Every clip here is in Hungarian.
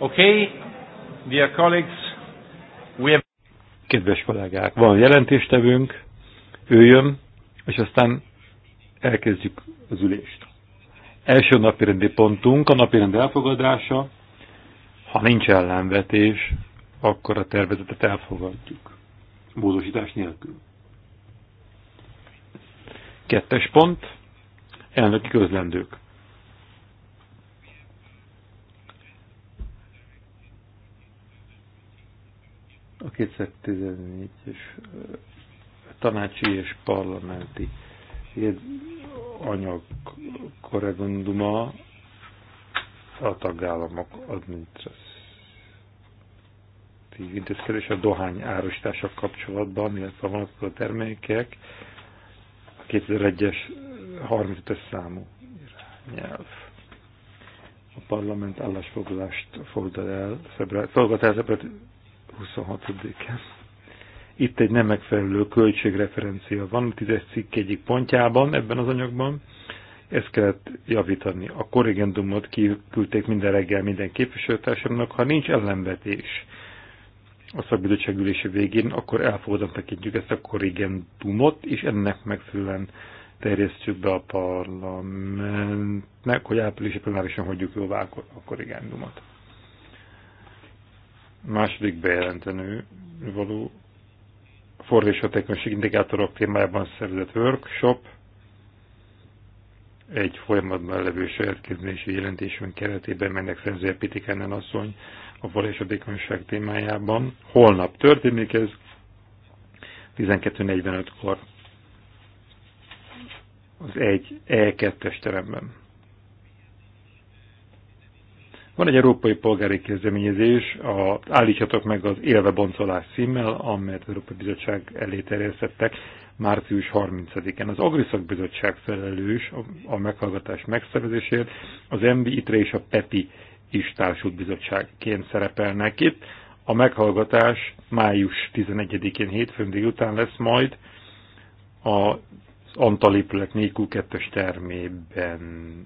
Okay, dear colleagues, we have... Kedves kollégák, van jelentéstevünk, ő jön, és aztán elkezdjük az ülést. Első rendi pontunk a napirend elfogadása. Ha nincs ellenvetés, akkor a tervezetet elfogadjuk. Módosítás nélkül. Kettes pont, elnöki közlendők. a 2014-es tanácsi és parlamenti anyag korregunduma a tagállamok administratív intézkedés a dohány árusítások kapcsolatban, illetve a vonatkozó termékek, a 2001-es 35-es számú nyelv. A parlament állásfoglalást fogad el február, el 26-án. Itt egy nem megfelelő költségreferencia van, a tízes cikk egyik pontjában ebben az anyagban. Ezt kellett javítani. A korrigendumot kiküldték minden reggel minden képviselőtársamnak. Ha nincs ellenvetés a szakbizottság ülése végén, akkor elfogadom tekintjük ezt a korrigendumot, és ennek megfelelően terjesztjük be a parlamentnek, hogy áprilisra plenárisan hagyjuk jóvá a korrigendumot. Második bejelentenő való fordíthatékonység indikátorok témájában szervezett workshop egy folyamatban levő saját képzési jelentésünk keretében, melynek szerzője Pitikánen asszony a forráshatékonyság témájában. Holnap történik ez, 12.45-kor az egy E2-es teremben. Van egy európai polgári kezdeményezés, a Állítsatok meg az élve boncolás címmel, amelyet az Európai Bizottság elé terjesztettek március 30 en Az Agriszak Bizottság felelős a meghallgatás megszervezésért, az MBI ITRE és a PEPI is társult bizottságként szerepelnek itt. A meghallgatás május 11-én hétfőn délután lesz majd az Antalépület 4Q2-es termében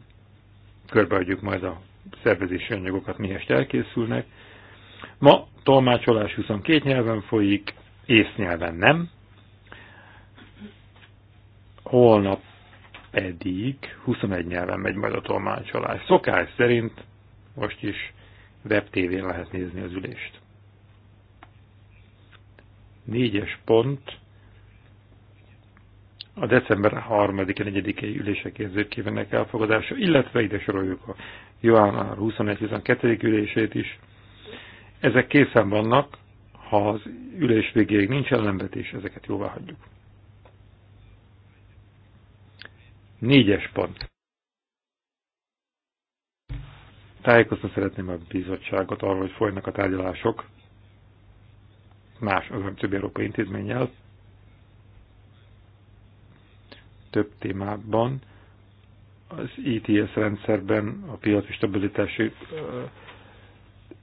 körbeadjuk majd a szervezési anyagokat mihest elkészülnek. Ma tolmácsolás 22 nyelven folyik, észnyelven nem. Holnap pedig 21 nyelven megy majd a tolmácsolás. Szokás szerint most is webtévén lehet nézni az ülést. Négyes pont a december 3-4-i ülések érzőkévenek elfogadása, illetve ide soroljuk a január 21-22. ülését is. Ezek készen vannak, ha az ülés végéig nincs ellenvetés, ezeket jóvá hagyjuk. Négyes pont. Tájékoztatni szeretném a bizottságot arról, hogy folynak a tárgyalások más, az több európai intézménnyel, több témában az ETS rendszerben a piaci stabilitási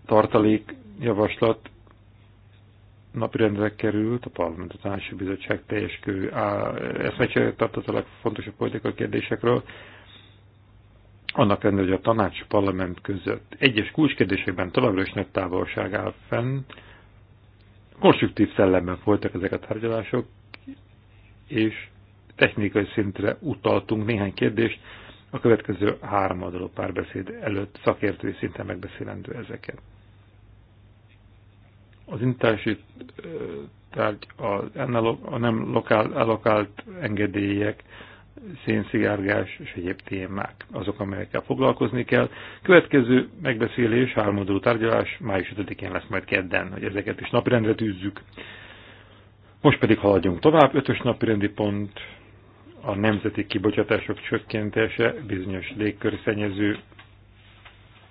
tartalék javaslat napirendre került, a Parlament Társadalmi Bizottság teljes körű eszmecsere tartott a legfontosabb politikai kérdésekről. Annak ellenére, hogy a tanács parlament között egyes kulcskérdésekben továbbra is nagy távolság áll fenn, konstruktív szellemben folytak ezek a tárgyalások, és technikai szintre utaltunk néhány kérdést, a következő három adaló párbeszéd előtt szakértői szinten megbeszélendő ezeket. Az intási tárgy a, a nem lokál, elokált engedélyek, szénszigárgás és egyéb témák, azok, amelyekkel foglalkozni kell. Következő megbeszélés, hármadó tárgyalás május 5-én lesz majd kedden, hogy ezeket is napirendre tűzzük. Most pedig haladjunk tovább, ötös napirendi pont, a nemzeti kibocsátások csökkentése bizonyos légkörszennyező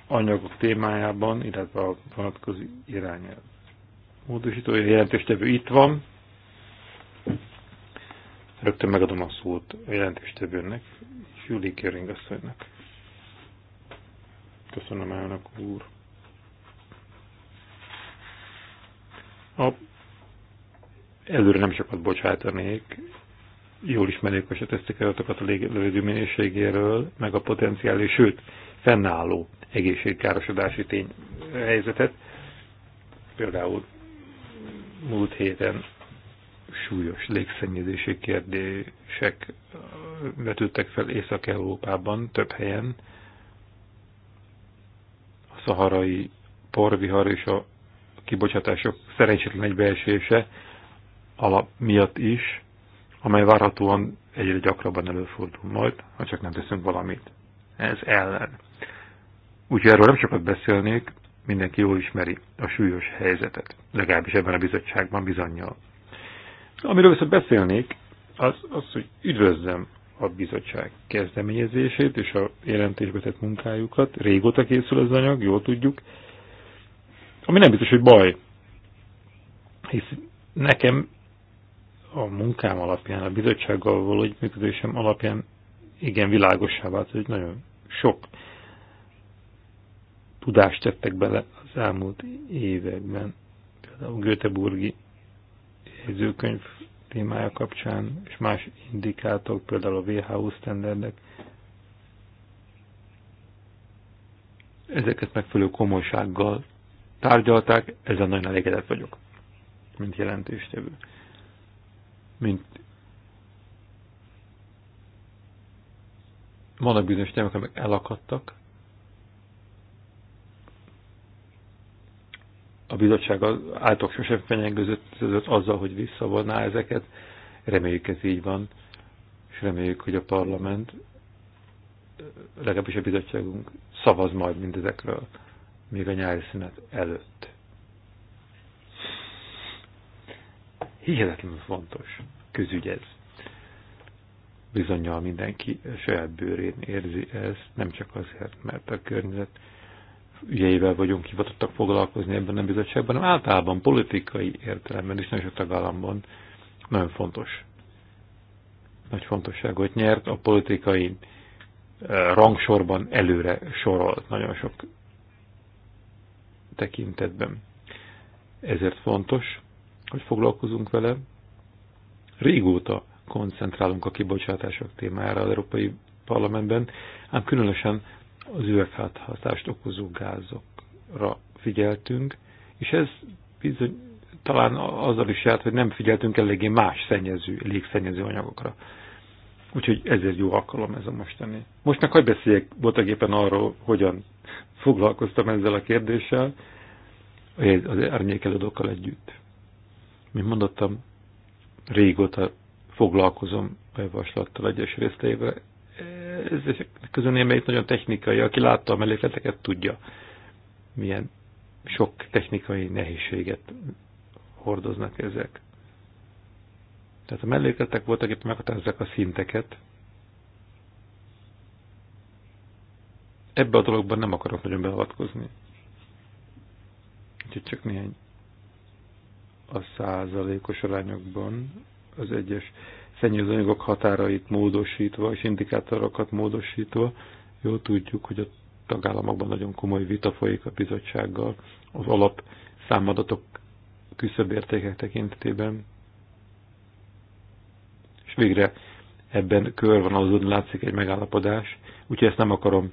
anyagok témájában, illetve a vonatkozó irányel. Módosító jelentéstevő itt van. Rögtön megadom a szót a jelentéstevőnek, Julie Kering asszonynak. Köszönöm, elnök úr. A előre nem sokat bocsátanék, jól ismerjük a statisztikai adatokat a levegő minőségéről, meg a potenciális, sőt, fennálló egészségkárosodási tény helyzetet. Például múlt héten súlyos légszennyezési kérdések vetődtek fel Észak-Európában több helyen. A szaharai porvihar és a kibocsátások szerencsétlen egybeesése alap miatt is amely várhatóan egyre gyakrabban előfordul majd, ha csak nem teszünk valamit. Ez ellen. Úgyhogy erről nem sokat beszélnék, mindenki jól ismeri a súlyos helyzetet, legalábbis ebben a bizottságban bizonyal. Amiről viszont beszélnék, az, az, hogy üdvözlöm a bizottság kezdeményezését és a jelentésbe tett munkájukat. Régóta készül az anyag, jól tudjuk. Ami nem biztos, hogy baj, hisz nekem a munkám alapján, a bizottsággal való együttműködésem alapján igen világosá vált, hogy nagyon sok tudást tettek bele az elmúlt években. Például Göteborgi jegyzőkönyv témája kapcsán, és más indikátok, például a WHO standardek. Ezeket megfelelő komolysággal tárgyalták, ezzel nagyon elégedett vagyok, mint jelentéstevő mint vannak bizonyos témák, amik elakadtak. A bizottság által sosem fenyegőzött azzal, hogy visszavonná ezeket. Reméljük ez így van, és reméljük, hogy a parlament, legalábbis a bizottságunk szavaz majd mindezekről, még a nyári szünet előtt. Hihetetlenül fontos közügy ez. Bizonyal mindenki saját bőrén érzi ezt, nem csak azért, mert a környezet ügyeivel vagyunk hivatottak foglalkozni ebben a bizottságban, hanem általában politikai értelemben is nagyon sok tagállamban nagyon fontos. Nagy fontosságot nyert a politikai eh, rangsorban előre sorolt nagyon sok tekintetben. Ezért fontos, hogy foglalkozunk vele. Régóta koncentrálunk a kibocsátások témájára az Európai Parlamentben, ám különösen az üvegházhatást okozó gázokra figyeltünk, és ez bizony talán azzal is járt, hogy nem figyeltünk eléggé más szennyező, légszennyező anyagokra. Úgyhogy ezért jó alkalom ez a mostani. Most meg hagyd beszéljek botagépen arról, hogyan foglalkoztam ezzel a kérdéssel, az árnyékelődokkal együtt. Mint mondottam, régóta foglalkozom a javaslattal egyes részteivel. Ezek közül némelyik nagyon technikai, aki látta a mellékleteket, tudja, milyen sok technikai nehézséget hordoznak ezek. Tehát a mellékletek voltak, itt meghatározzák a szinteket. Ebbe a dologban nem akarok nagyon beavatkozni. Úgyhogy csak néhány a százalékos arányokban az egyes szennyezőanyagok határait módosítva és indikátorokat módosítva. Jó tudjuk, hogy a tagállamokban nagyon komoly vita folyik a bizottsággal az alap számadatok küszöbértékek tekintetében. És végre ebben azon látszik egy megállapodás, úgyhogy ezt nem akarom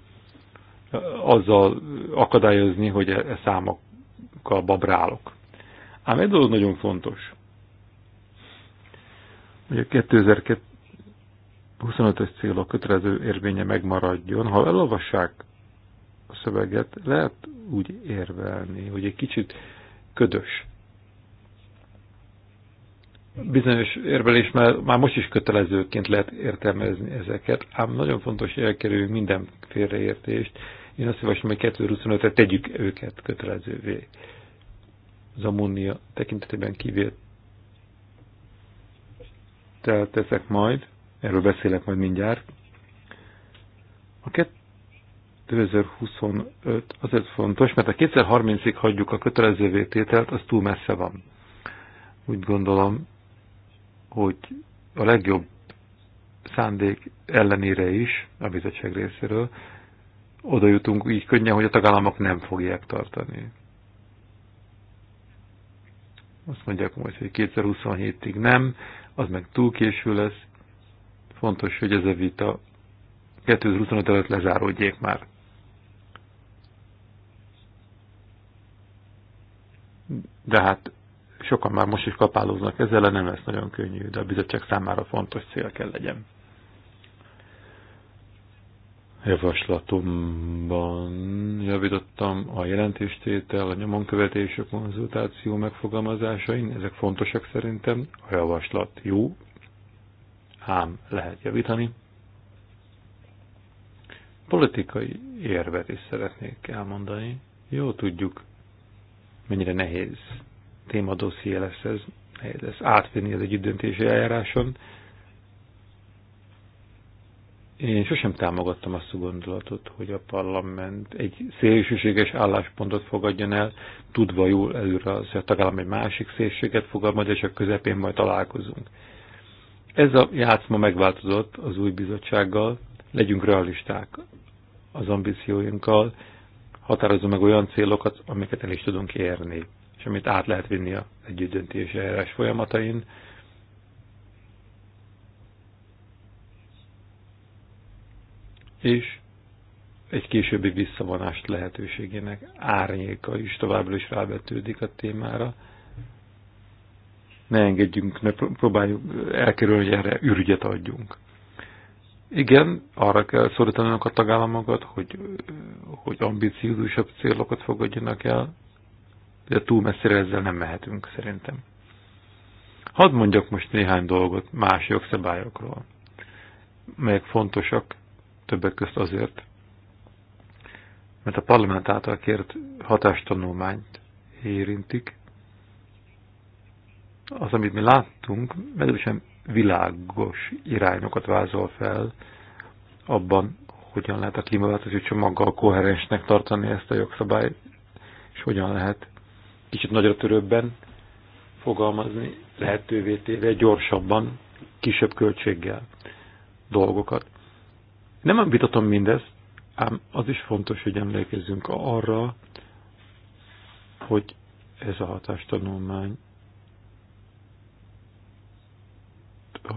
eh, azzal akadályozni, hogy e, e számokkal babrálok. Ám egy dolog nagyon fontos, hogy a 2025-ös célok kötelező érvénye megmaradjon. Ha elolvassák a szöveget, lehet úgy érvelni, hogy egy kicsit ködös. Bizonyos érvelés már, már most is kötelezőként lehet értelmezni ezeket, ám nagyon fontos, hogy elkerüljünk minden félreértést. Én azt javaslom, hogy 2025-re tegyük őket kötelezővé az ammónia tekintetében kivételt teszek majd, erről beszélek majd mindjárt. A 2025 azért fontos, mert a 2030-ig hagyjuk a kötelezővé tételt, az túl messze van. Úgy gondolom, hogy a legjobb szándék ellenére is a bizottság részéről oda jutunk így könnyen, hogy a tagállamok nem fogják tartani. Azt mondják majd, hogy 2027-ig nem, az meg túl késő lesz. Fontos, hogy ez a vita 2025 előtt lezáródjék már. De hát sokan már most is kapálóznak ezzel, nem lesz nagyon könnyű, de a bizottság számára fontos cél kell legyen javaslatomban javítottam a jelentéstétel, a nyomonkövetés, a konzultáció megfogalmazásain. Ezek fontosak szerintem. A javaslat jó, ám lehet javítani. Politikai érvet is szeretnék elmondani. Jó tudjuk, mennyire nehéz témadosszié lesz ez, nehéz lesz átvinni az egy döntési eljáráson. Én sosem támogattam azt a gondolatot, hogy a parlament egy szélsőséges álláspontot fogadjon el, tudva jól előre az, hogy a tagállam egy másik szélséget majd, és a közepén majd találkozunk. Ez a játszma megváltozott az új bizottsággal, legyünk realisták az ambícióinkkal, határozzunk meg olyan célokat, amiket el is tudunk érni, és amit át lehet vinni a együttdöntési eljárás folyamatain, és egy későbbi visszavonást lehetőségének árnyéka is továbbra is rávetődik a témára. Ne engedjünk, ne próbáljuk elkerülni, hogy erre ürügyet adjunk. Igen, arra kell szorítani a tagállamokat, hogy, hogy ambiciózusabb célokat fogadjanak el, de túl messzire ezzel nem mehetünk szerintem. Hadd mondjak most néhány dolgot más jogszabályokról, melyek fontosak többek közt azért, mert a parlament által kért hatástanulmányt érintik. Az, amit mi láttunk, meglehetősen világos irányokat vázol fel abban, hogyan lehet a klímaváltozó csomaggal koherensnek tartani ezt a jogszabályt, és hogyan lehet kicsit nagyra törőbben fogalmazni, lehetővé téve gyorsabban, kisebb költséggel dolgokat. Nem vitatom mindezt, ám az is fontos, hogy emlékezzünk arra, hogy ez a hatástanulmány a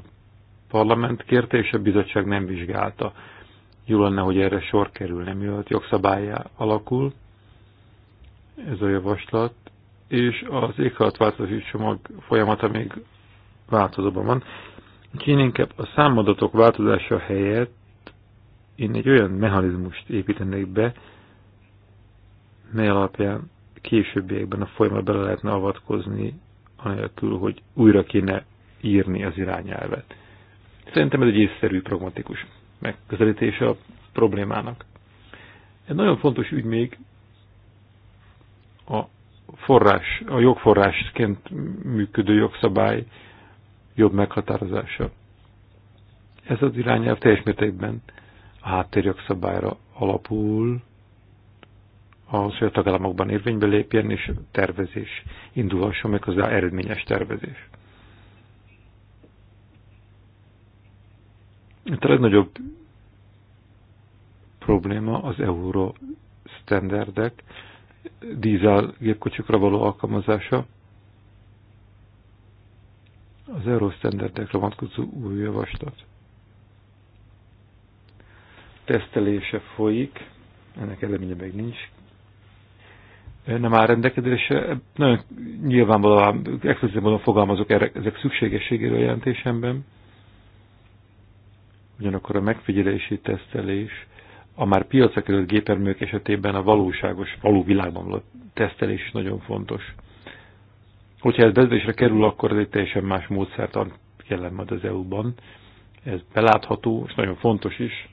parlament kérte, és a bizottság nem vizsgálta. Jó lenne, hogy erre sor kerül, nem jött jogszabályá alakul ez a javaslat, és az éghajlatváltozási csomag folyamata még változóban van. Úgyhogy én inkább a számadatok változása helyett én egy olyan mechanizmust építenék be, mely alapján későbbiekben a folyamat bele lehetne avatkozni, anélkül, hogy újra kéne írni az irányelvet. Szerintem ez egy észszerű, pragmatikus megközelítése a problémának. Egy nagyon fontos ügy még a forrás, a jogforrásként működő jogszabály jobb meghatározása. Ez az irányelv teljes mértékben háttérjogszabályra alapul, az hogy a tagállamokban érvénybe lépjen, és tervezés indulhasson meg hozzá eredményes tervezés. Itt a legnagyobb probléma az euró standardek, dízel gépkocsikra való alkalmazása. Az euró standardekre vonatkozó új javaslat tesztelése folyik, ennek eleménye még nincs. Nem áll rendelkezésre, nagyon nyilvánvalóan, exkluzív módon fogalmazok erre, ezek szükségességéről jelentésemben. Ugyanakkor a megfigyelési tesztelés, a már piacra került gépermők esetében a valóságos, való világban való tesztelés is nagyon fontos. Hogyha ez bezvésre kerül, akkor ez egy teljesen más módszertan jelen majd az EU-ban. Ez belátható, és nagyon fontos is,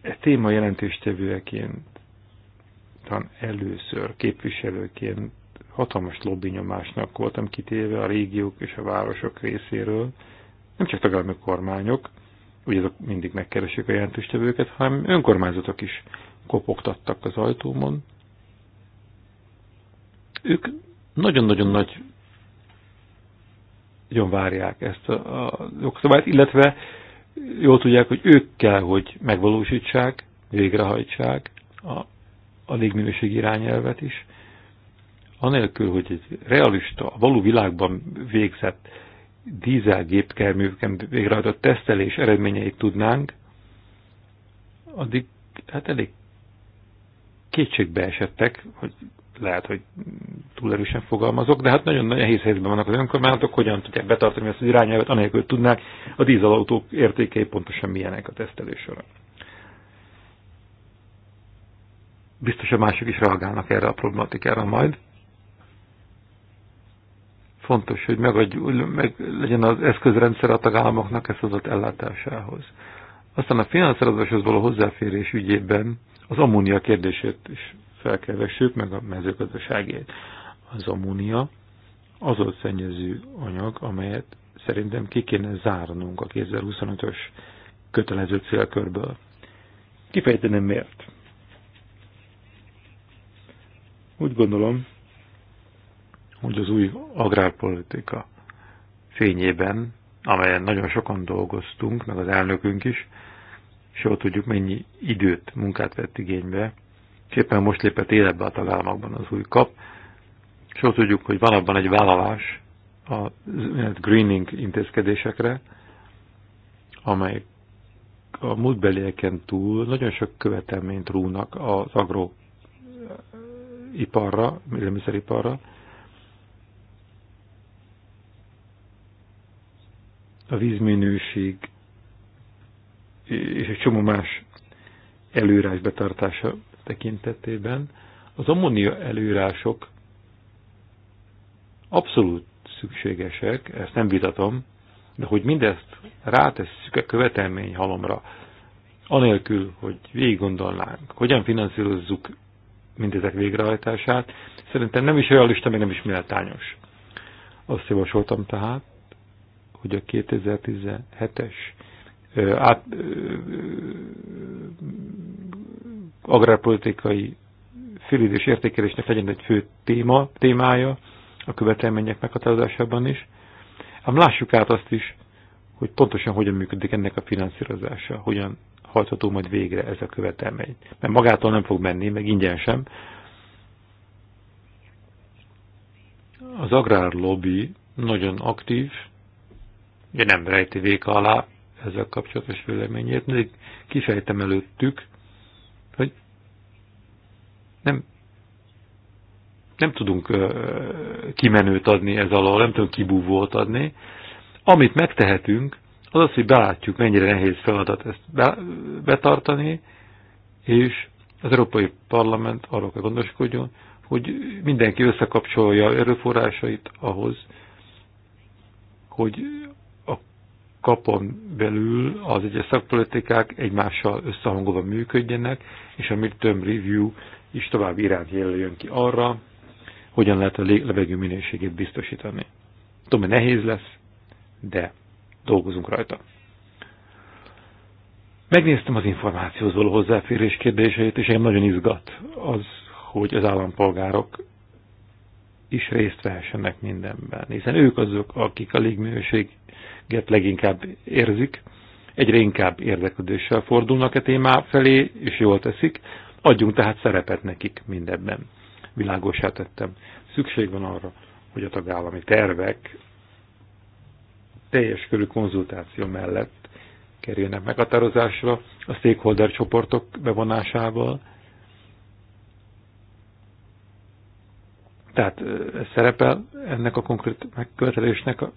e téma jelentéstevőeként, talán először képviselőként hatalmas nyomásnak voltam kitéve a régiók és a városok részéről, nem csak tagállami kormányok, ugye azok mindig megkeresik a jelentéstevőket, hanem önkormányzatok is kopogtattak az ajtómon. Ők nagyon-nagyon nagy nagyon várják ezt a jogszabályt, illetve jól tudják, hogy ők kell, hogy megvalósítsák, végrehajtsák a, a légminőség irányelvet is, anélkül, hogy egy realista, a való világban végzett dízelgépkerműveken végrehajtott tesztelés eredményeit tudnánk, addig hát elég kétségbe esettek, hogy lehet, hogy túl erősen fogalmazok, de hát nagyon nehéz helyzetben vannak az önkormányzatok, hogyan tudják betartani ezt az irányelvet, anélkül tudnák a dízelautók értékei pontosan milyenek a tesztelés során. Biztos, hogy mások is reagálnak erre a problematikára majd. Fontos, hogy megadj, meg legyen az eszközrendszer a tagállamoknak ezt ott ellátásához. Aztán a finanszírozáshoz való hozzáférés ügyében az ammónia kérdését is felkeresők, meg a mezőgazdaságét. Az ammónia ott szennyező anyag, amelyet szerintem ki kéne zárnunk a 2025-ös kötelező célkörből. Kifejteni miért. Úgy gondolom, hogy az új agrárpolitika fényében, amelyen nagyon sokan dolgoztunk, meg az elnökünk is, soha tudjuk mennyi időt, munkát vett igénybe, és éppen most lépett életbe a tagállamokban az új kap, és ott tudjuk, hogy van abban egy vállalás a greening intézkedésekre, amely a múltbelieken túl nagyon sok követelményt rúnak az agroiparra, élelmiszeriparra. A vízminőség és egy csomó más előírás betartása tekintetében az ammónia előírások abszolút szükségesek, ezt nem vitatom, de hogy mindezt rátesszük a követelmény halomra, anélkül, hogy végig gondolnánk, hogyan finanszírozzuk mindezek végrehajtását, szerintem nem is realista, meg nem is méltányos. Azt javasoltam tehát, hogy a 2017-es agrárpolitikai félidős értékelésnek legyen egy fő téma, témája a követelmények meghatározásában is. Ám lássuk át azt is, hogy pontosan hogyan működik ennek a finanszírozása, hogyan hajtható majd végre ez a követelmény. Mert magától nem fog menni, meg ingyen sem. Az agrárlobby nagyon aktív, ugye nem rejti véka alá ezzel kapcsolatos véleményét, de kifejtem előttük, nem, nem tudunk kimenőt adni ez alól, nem tudunk kibúvót adni. Amit megtehetünk, az az, hogy belátjuk, mennyire nehéz feladat ezt betartani, és az Európai Parlament arról kell gondoskodjon, hogy mindenki összekapcsolja erőforrásait ahhoz, hogy a kapon belül az egyes szakpolitikák egymással összehangolva működjenek, és a midterm review és további iránt jelöljön ki arra, hogyan lehet a levegő minőségét biztosítani. Tudom, hogy nehéz lesz, de dolgozunk rajta. Megnéztem az információhoz való hozzáférés kérdéseit, és én nagyon izgat az, hogy az állampolgárok is részt vehessenek mindenben, hiszen ők azok, akik a légminőséget leginkább érzik, egyre inkább érdeklődéssel fordulnak a e témá felé, és jól teszik, Adjunk tehát szerepet nekik mindebben. Világosá tettem. Szükség van arra, hogy a tagállami tervek teljes körű konzultáció mellett kerülnek meghatározásra a stakeholder csoportok bevonásával. Tehát ez szerepel ennek a konkrét megkövetelésnek a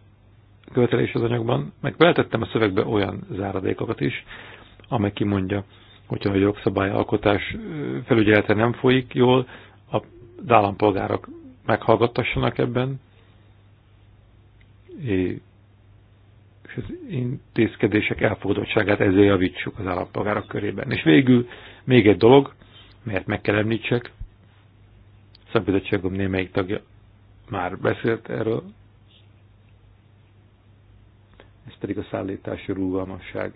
követelés az anyagban, meg a szövegbe olyan záradékokat is, amely kimondja, hogyha a jogszabályalkotás felügyelete nem folyik jól, az állampolgárok meghallgattassanak ebben, és az intézkedések elfogadottságát ezzel javítsuk az állampolgárok körében. És végül még egy dolog, mert meg kell említsek, szabadságom némelyik tagja már beszélt erről, ez pedig a szállítási rugalmasság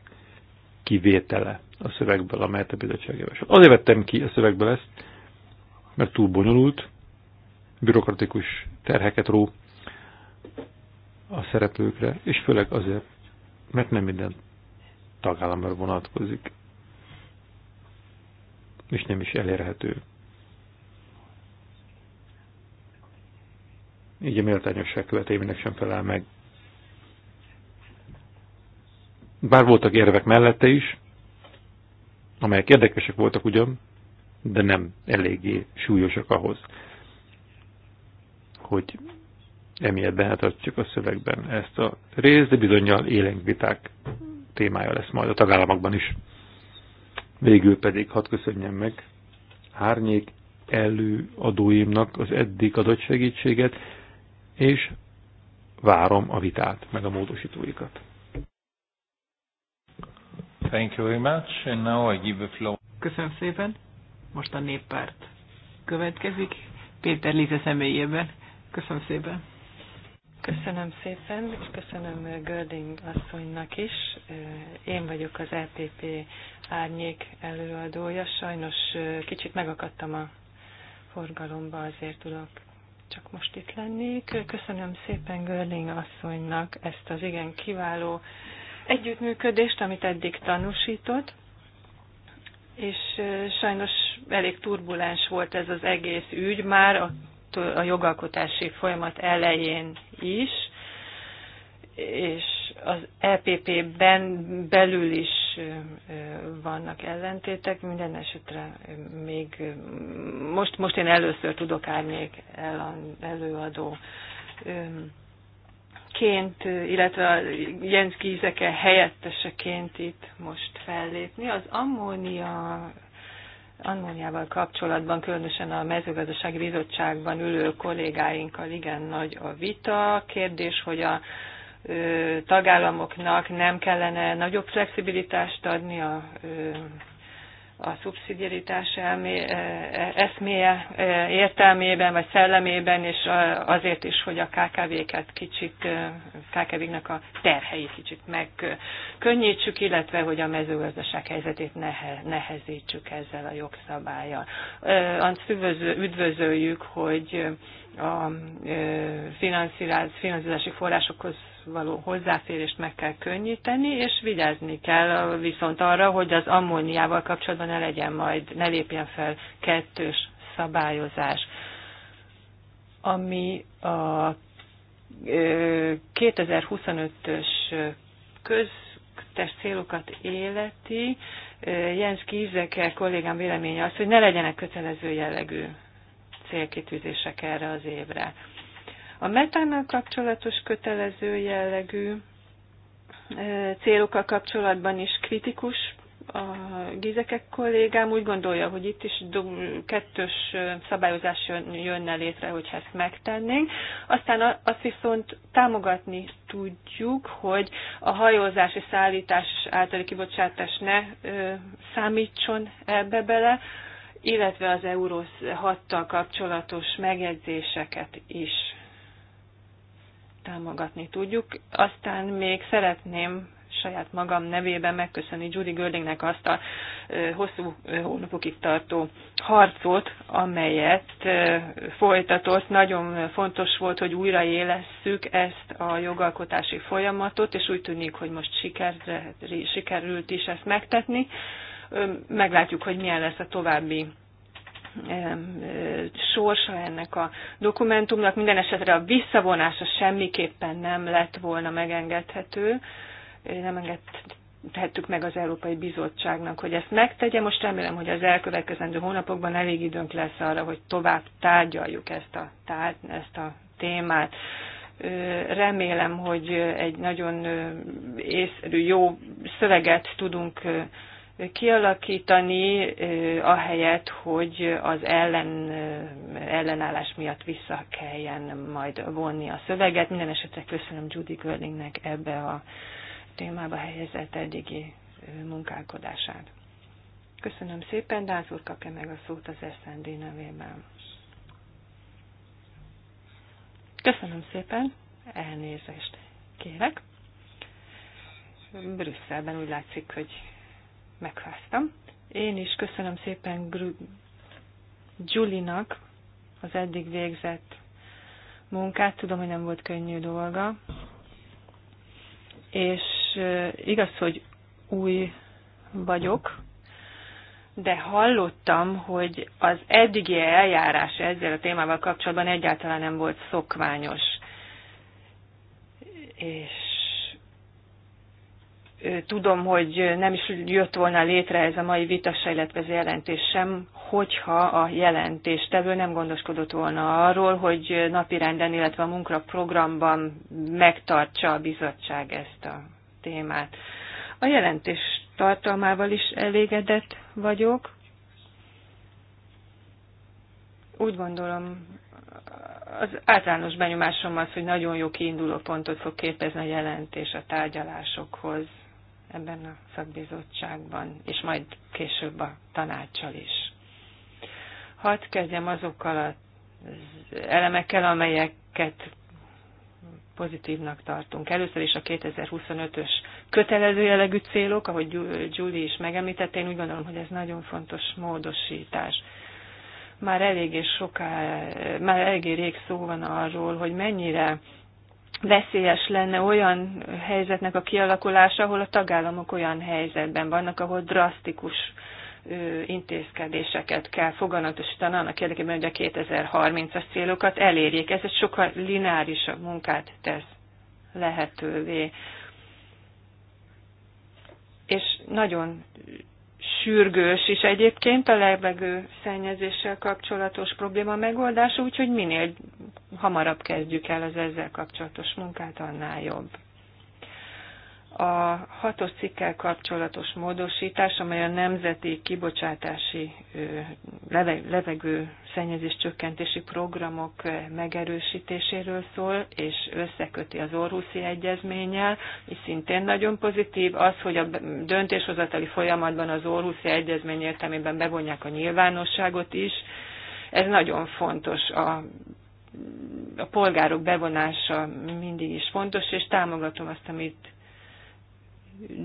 kivétele a szövegből, amelyet a bizottság javasolt. Azért vettem ki a szövegből ezt, mert túl bonyolult, bürokratikus terheket ró a szereplőkre, és főleg azért, mert nem minden tagállamra vonatkozik, és nem is elérhető. Így a méltányosság követelménynek sem felel meg. Bár voltak érvek mellette is, amelyek érdekesek voltak ugyan, de nem eléggé súlyosak ahhoz, hogy emiatt behetetjük a szövegben ezt a részt, de bizonyal élénk viták témája lesz majd a tagállamokban is. Végül pedig hadd köszönjem meg árnyék előadóimnak az eddig adott segítséget, és várom a vitát, meg a módosítóikat. Thank you very much, and now I give the floor. Köszönöm szépen. Most a néppárt következik. Péter Lize személyében. Köszönöm szépen. Köszönöm szépen, és köszönöm Görding asszonynak is. Én vagyok az LPP e árnyék előadója. Sajnos kicsit megakadtam a forgalomba, azért tudok csak most itt lennék. Köszönöm szépen Görling asszonynak ezt az igen kiváló együttműködést, amit eddig tanúsított, és sajnos elég turbulens volt ez az egész ügy már a, a jogalkotási folyamat elején is, és az EPP-ben belül is vannak ellentétek, minden esetre még most, most én először tudok árnyék előadó ként, illetve a Jens Gízeke helyetteseként itt most fellépni. Az ammónia ammóniával kapcsolatban, különösen a mezőgazdasági bizottságban ülő kollégáinkkal igen nagy a vita. Kérdés, hogy a tagállamoknak nem kellene nagyobb flexibilitást adni a a szubszidiaritás elmé, e, e, eszméje e, értelmében vagy szellemében, és azért is, hogy a KKV-ket kicsit, KKV-knak a terhei kicsit megkönnyítsük, illetve hogy a mezőgazdaság helyzetét nehe, nehezítsük ezzel a jogszabályjal. Azt üdvözöljük, hogy a finanszírozási forrásokhoz való hozzáférést meg kell könnyíteni, és vigyázni kell viszont arra, hogy az ammóniával kapcsolatban ne legyen majd, ne lépjen fel kettős szabályozás. Ami a 2025-ös köztes célokat életi, Jens Kizeke kollégám véleménye az, hogy ne legyenek kötelező jellegű célkitűzések erre az évre a metánnal kapcsolatos kötelező jellegű e, célokkal kapcsolatban is kritikus a Gizekek kollégám úgy gondolja, hogy itt is kettős e, szabályozás jönne létre, hogyha ezt megtennénk. Aztán azt viszont támogatni tudjuk, hogy a hajózás és szállítás általi kibocsátás ne e, számítson ebbe bele, illetve az Euró 6-tal kapcsolatos megjegyzéseket is támogatni tudjuk. Aztán még szeretném saját magam nevében megköszönni Judy Göldingnek azt a hosszú hónapokig tartó harcot, amelyet folytatott. Nagyon fontos volt, hogy újraélesszük ezt a jogalkotási folyamatot, és úgy tűnik, hogy most sikerült is ezt megtetni. Meglátjuk, hogy milyen lesz a további sorsa ennek a dokumentumnak. Minden esetre a visszavonása semmiképpen nem lett volna megengedhető. Nem engedhettük meg az Európai Bizottságnak, hogy ezt megtegye. Most remélem, hogy az elkövetkezendő hónapokban elég időnk lesz arra, hogy tovább tárgyaljuk ezt a, ezt a témát remélem, hogy egy nagyon észszerű, jó szöveget tudunk kialakítani, a helyet, hogy az ellen, ellenállás miatt vissza kelljen majd vonni a szöveget. Minden esetre köszönöm Judy Görlingnek ebbe a témába helyezett eddigi munkálkodását. Köszönöm szépen, Dáz úr kapja meg a szót az SZND nevében. Köszönöm szépen, elnézést kérek. Brüsszelben úgy látszik, hogy megfáztam. Én is köszönöm szépen Julinak az eddig végzett munkát, tudom, hogy nem volt könnyű dolga, és igaz, hogy új vagyok, de hallottam, hogy az eddigi eljárás ezzel a témával kapcsolatban egyáltalán nem volt szokványos. És tudom, hogy nem is jött volna létre ez a mai vitassa, illetve ez a jelentés sem, hogyha a jelentéstevő nem gondoskodott volna arról, hogy napirenden, illetve a munkaprogramban megtartsa a bizottság ezt a témát. A jelentés tartalmával is elégedett vagyok. Úgy gondolom, az általános benyomásom az, hogy nagyon jó kiinduló pontot fog képezni a jelentés a tárgyalásokhoz ebben a szakbizottságban, és majd később a tanácsal is. Hadd kezdjem azokkal az elemekkel, amelyeket pozitívnak tartunk. Először is a 2025-ös kötelező jellegű célok, ahogy Julie is megemlítette, én úgy gondolom, hogy ez nagyon fontos módosítás. Már eléggé soká, már eléggé rég szó van arról, hogy mennyire veszélyes lenne olyan helyzetnek a kialakulása, ahol a tagállamok olyan helyzetben vannak, ahol drasztikus intézkedéseket kell foganatosítani annak érdekében, hogy a 2030-as célokat elérjék. Ez egy sokkal lineárisabb munkát tesz lehetővé. És nagyon sürgős is egyébként a levegő szennyezéssel kapcsolatos probléma megoldása, úgyhogy minél hamarabb kezdjük el az ezzel kapcsolatos munkát, annál jobb a hatos cikkel kapcsolatos módosítás, amely a nemzeti kibocsátási levegő szennyezés csökkentési programok megerősítéséről szól, és összeköti az Orhuszi egyezménnyel, és szintén nagyon pozitív az, hogy a döntéshozatali folyamatban az Orhuszi egyezmény értelmében bevonják a nyilvánosságot is. Ez nagyon fontos a a polgárok bevonása mindig is fontos, és támogatom azt, amit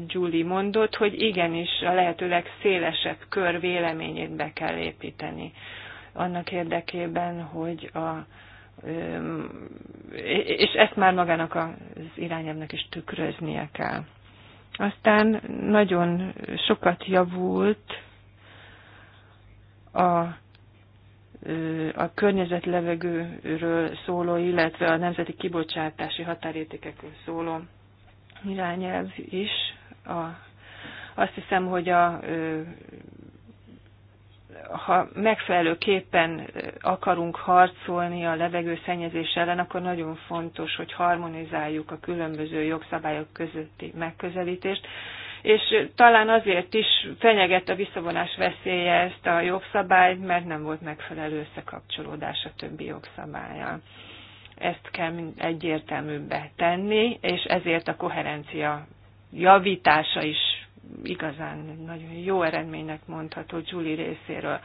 Julie mondott, hogy igenis a lehető legszélesebb kör véleményét be kell építeni. Annak érdekében, hogy a, és ezt már magának az irányelvnek is tükröznie kell. Aztán nagyon sokat javult a a környezetlevegőről szóló, illetve a nemzeti kibocsátási határértékekről szóló irányelv is. A, azt hiszem, hogy a, ha megfelelőképpen akarunk harcolni a levegőszennyezés ellen, akkor nagyon fontos, hogy harmonizáljuk a különböző jogszabályok közötti megközelítést és talán azért is fenyegett a visszavonás veszélye ezt a jogszabályt, mert nem volt megfelelő összekapcsolódás a többi jogszabályjal ezt kell egyértelműbbé tenni, és ezért a koherencia javítása is igazán nagyon jó eredménynek mondható Julie részéről.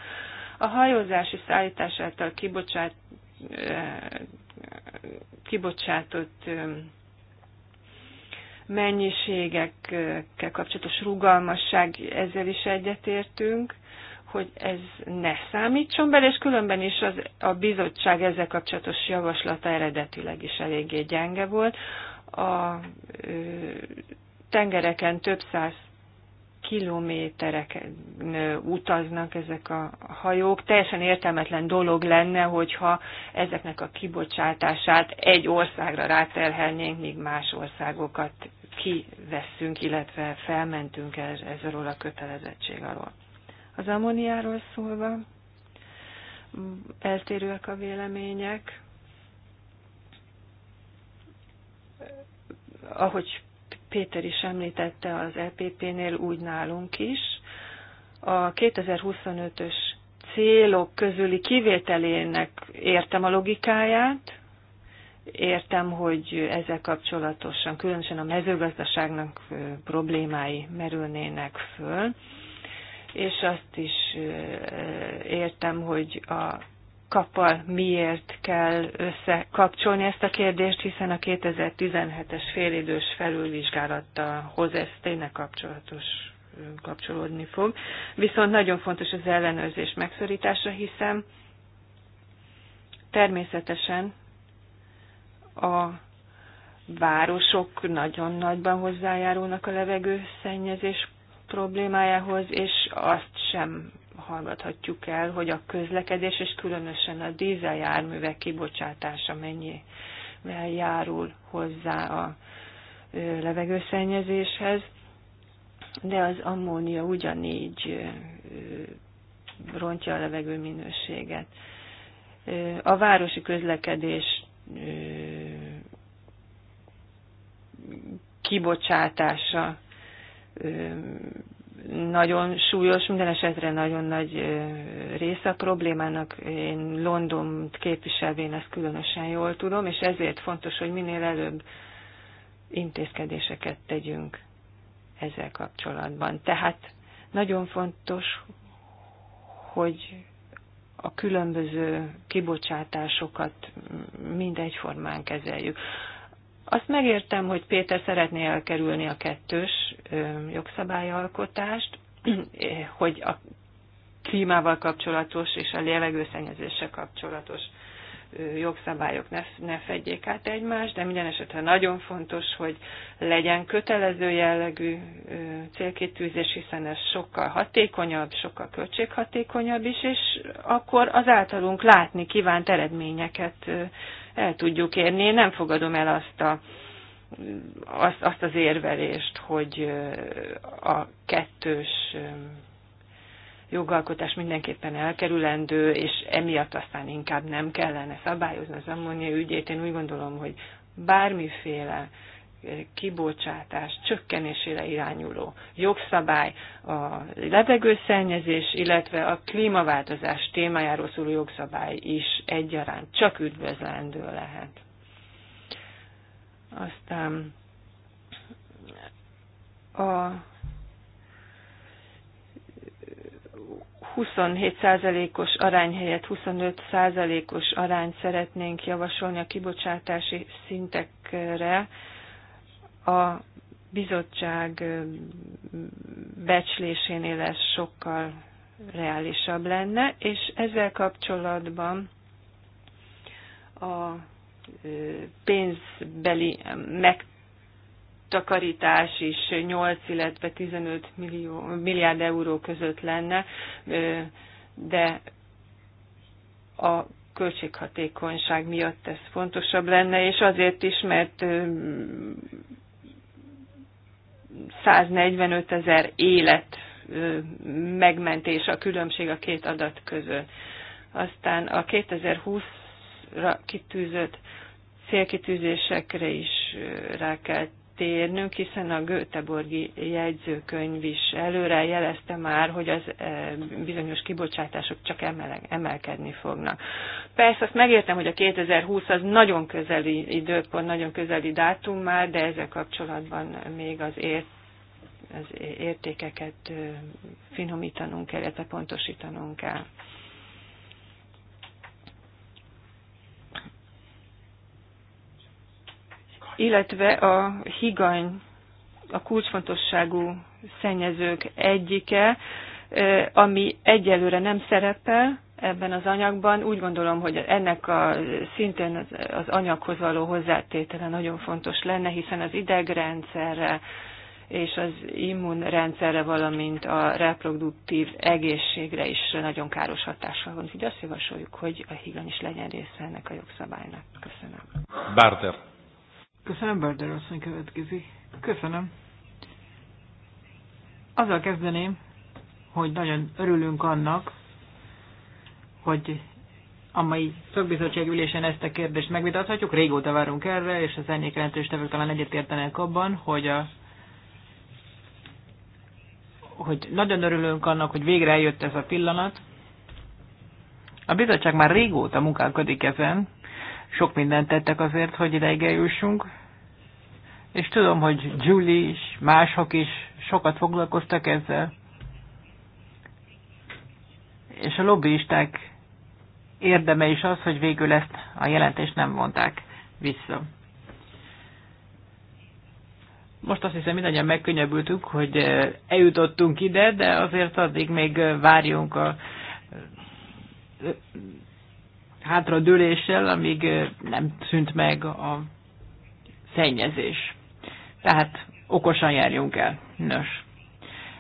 A hajózási szállítás által kibocsát, kibocsátott mennyiségekkel kapcsolatos rugalmasság, ezzel is egyetértünk hogy ez ne számítson bele, és különben is az, a bizottság ezzel kapcsolatos javaslata eredetileg is eléggé gyenge volt. A ö, tengereken több száz kilométereken utaznak ezek a hajók. Teljesen értelmetlen dolog lenne, hogyha ezeknek a kibocsátását egy országra ráterhelnénk, míg más országokat kiveszünk illetve felmentünk ezzel a kötelezettség alól. Az ammoniáról szólva eltérőek a vélemények. Ahogy Péter is említette az epp nél úgy nálunk is. A 2025-ös célok közüli kivételének értem a logikáját, értem, hogy ezzel kapcsolatosan, különösen a mezőgazdaságnak problémái merülnének föl, és azt is értem, hogy a kapal miért kell összekapcsolni ezt a kérdést, hiszen a 2017-es félidős felülvizsgálata hoz ez tényleg kapcsolatos kapcsolódni fog. Viszont nagyon fontos az ellenőrzés megszorítása, hiszen természetesen a városok nagyon nagyban hozzájárulnak a levegő szennyezés problémájához, és azt sem hallgathatjuk el, hogy a közlekedés, és különösen a dízeljárművek kibocsátása mennyivel járul hozzá a levegőszennyezéshez, de az ammónia ugyanígy rontja a levegő minőséget. A városi közlekedés kibocsátása nagyon súlyos, minden esetre nagyon nagy része a problémának. Én London képviselvén ezt különösen jól tudom, és ezért fontos, hogy minél előbb intézkedéseket tegyünk ezzel kapcsolatban. Tehát nagyon fontos, hogy a különböző kibocsátásokat mindegyformán kezeljük. Azt megértem, hogy Péter szeretné elkerülni a kettős jogszabályalkotást, eh, hogy a klímával kapcsolatos és a levegőszennyezéssel kapcsolatos jogszabályok ne, ne fedjék át egymást, de minden esetre nagyon fontos, hogy legyen kötelező jellegű célkitűzés, hiszen ez sokkal hatékonyabb, sokkal költséghatékonyabb is, és akkor az általunk látni kívánt eredményeket el tudjuk érni. Én nem fogadom el azt a azt, azt az érvelést, hogy a kettős jogalkotás mindenképpen elkerülendő, és emiatt aztán inkább nem kellene szabályozni az ammónia ügyét. Én úgy gondolom, hogy bármiféle eh, kibocsátás csökkenésére irányuló jogszabály, a levegőszennyezés, illetve a klímaváltozás témájáról szóló jogszabály is egyaránt csak üdvözlendő lehet. Aztán a 27%-os arány helyett 25%-os arányt szeretnénk javasolni a kibocsátási szintekre. A bizottság becslésénél ez sokkal reálisabb lenne, és ezzel kapcsolatban a pénzbeli meg takarítás is 8, illetve 15 millió, milliárd euró között lenne, de a költséghatékonyság miatt ez fontosabb lenne, és azért is, mert 145 ezer élet megmentés a különbség a két adat között. Aztán a 2020-ra kitűzött célkitűzésekre is rá kell térnünk, hiszen a Göteborgi jegyzőkönyv is előre jelezte már, hogy az eh, bizonyos kibocsátások csak emelkedni fognak. Persze azt megértem, hogy a 2020 az nagyon közeli időpont, nagyon közeli dátum már, de ezzel kapcsolatban még az ért az értékeket eh, finomítanunk kell, illetve pontosítanunk kell. illetve a higany a kulcsfontosságú szennyezők egyike, ami egyelőre nem szerepel ebben az anyagban. Úgy gondolom, hogy ennek a, szintén az anyaghoz való hozzátétele nagyon fontos lenne, hiszen az idegrendszerre és az immunrendszerre, valamint a reproduktív egészségre is nagyon káros hatással van. Úgyhogy azt javasoljuk, hogy a higany is legyen része ennek a jogszabálynak. Köszönöm. Bárter. Köszönöm, Börder asszony következik. Köszönöm. Azzal kezdeném, hogy nagyon örülünk annak, hogy a mai szakbizottság ülésen ezt a kérdést megvitathatjuk. Régóta várunk erre, és az ennyi jelentős tevők talán egyetértenek abban, hogy a hogy nagyon örülünk annak, hogy végre eljött ez a pillanat. A bizottság már régóta munkálkodik ezen, sok mindent tettek azért, hogy ideig eljussunk, és tudom, hogy Julie is, mások is sokat foglalkoztak ezzel, és a lobbyisták érdeme is az, hogy végül ezt a jelentést nem mondták vissza. Most azt hiszem mindannyian megkönnyebbültünk, hogy eh, eljutottunk ide, de azért addig még eh, várjunk a eh, hátradőléssel, amíg nem szűnt meg a szennyezés. Tehát okosan járjunk el. Nos.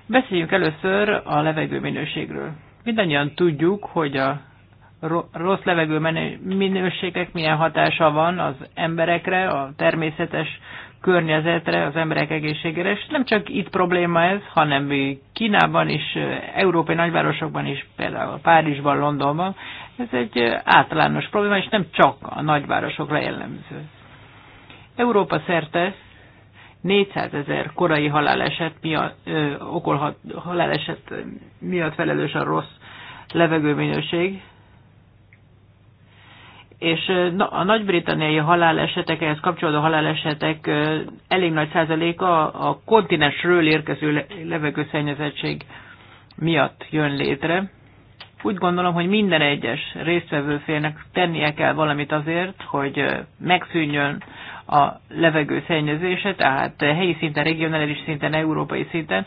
Beszéljünk először a levegő minőségről. Mindannyian tudjuk, hogy a rossz levegő minőségek milyen hatása van az emberekre, a természetes környezetre, az emberek egészségére, és nem csak itt probléma ez, hanem Kínában is, európai nagyvárosokban is, például Párizsban, Londonban, ez egy általános probléma, és nem csak a nagyvárosokra jellemző. Európa szerte 400 ezer korai haláleset miatt, ö, okol haláleset miatt felelős a rossz levegőminőség, és a nagy-britanniai halálesetek, ehhez kapcsolódó halálesetek elég nagy százaléka a kontinensről érkező levegőszennyezettség miatt jön létre. Úgy gondolom, hogy minden egyes résztvevő félnek tennie kell valamit azért, hogy megszűnjön a levegő szennyezése, tehát helyi szinten, regionális szinten, európai szinten.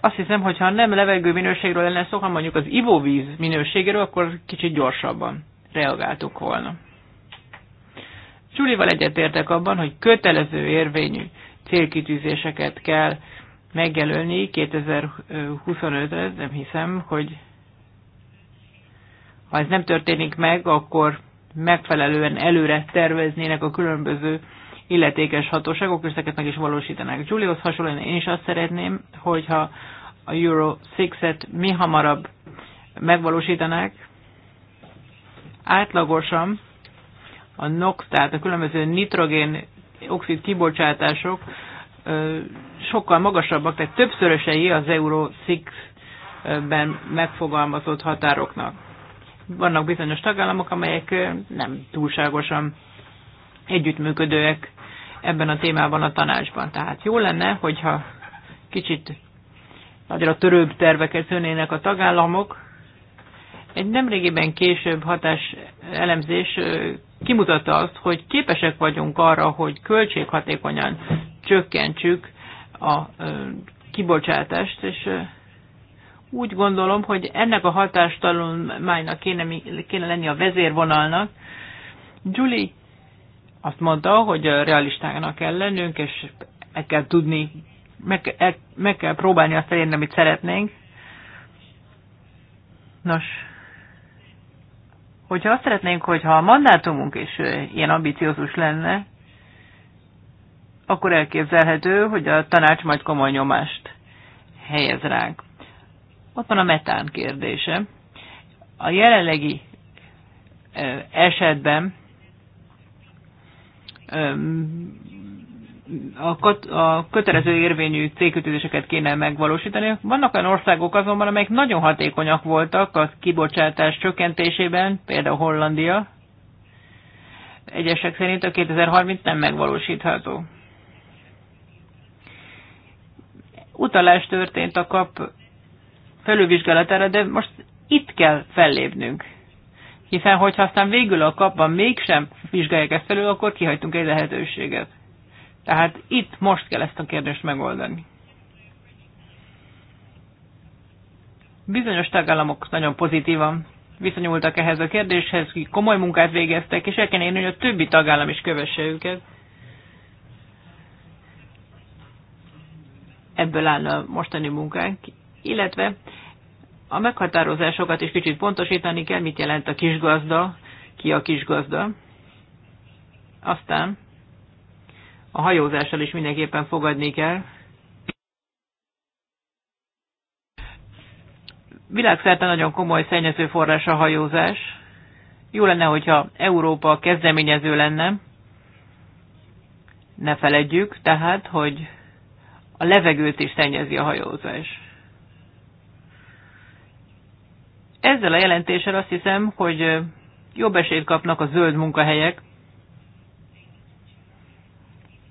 Azt hiszem, hogy ha nem levegő minőségről lenne szó, hanem mondjuk az ivóvíz minőségéről, akkor kicsit gyorsabban reagáltuk volna. Csulival egyetértek abban, hogy kötelező érvényű célkitűzéseket kell megjelölni 2025-re, nem hiszem, hogy ha ez nem történik meg, akkor megfelelően előre terveznének a különböző illetékes hatóságok, és ezeket meg is valósítanák. Julihoz hasonlóan én is azt szeretném, hogyha a Euro 6-et mi hamarabb megvalósítanák, átlagosan a NOx, tehát a különböző nitrogén oxid kibocsátások sokkal magasabbak, tehát többszörösei az Euro 6-ben megfogalmazott határoknak. Vannak bizonyos tagállamok, amelyek nem túlságosan együttműködőek ebben a témában a tanácsban. Tehát jó lenne, hogyha kicsit nagyra törőbb terveket szőnének a tagállamok, egy nemrégiben később hatás elemzés kimutatta azt, hogy képesek vagyunk arra, hogy költséghatékonyan csökkentsük a kibocsátást, és úgy gondolom, hogy ennek a hatástalománynak kéne, kéne lenni a vezérvonalnak. Julie azt mondta, hogy realistának kell lennünk, és meg kell tudni, meg, e, meg kell próbálni azt elérni, amit szeretnénk. Nos, hogyha azt szeretnénk, hogyha a mandátumunk is ilyen ambiciózus lenne, akkor elképzelhető, hogy a tanács majd komoly nyomást helyez ránk. Ott van a metán kérdése. A jelenlegi esetben a, kat, a kötelező érvényű célkötőzéseket kéne megvalósítani. Vannak olyan országok azonban, amelyek nagyon hatékonyak voltak a kibocsátás csökkentésében, például Hollandia. Egyesek szerint a 2030 nem megvalósítható. Utalás történt a kap felülvizsgálatára, de most itt kell fellépnünk. Hiszen, hogyha aztán végül a kapban mégsem vizsgálják ezt felül, akkor kihagytunk egy lehetőséget. Tehát itt most kell ezt a kérdést megoldani. Bizonyos tagállamok nagyon pozitívan viszonyultak ehhez a kérdéshez, hogy komoly munkát végeztek, és el kell érni, hogy a többi tagállam is kövesse őket. Ebből áll a mostani munkánk, illetve a meghatározásokat is kicsit pontosítani kell, mit jelent a kisgazda, ki a kisgazda. Aztán a hajózással is mindenképpen fogadni kell. Világszerte nagyon komoly forrás a hajózás. Jó lenne, hogyha Európa kezdeményező lenne. Ne feledjük tehát, hogy a levegőt is szennyezi a hajózás. Ezzel a jelentéssel azt hiszem, hogy jobb esélyt kapnak a zöld munkahelyek,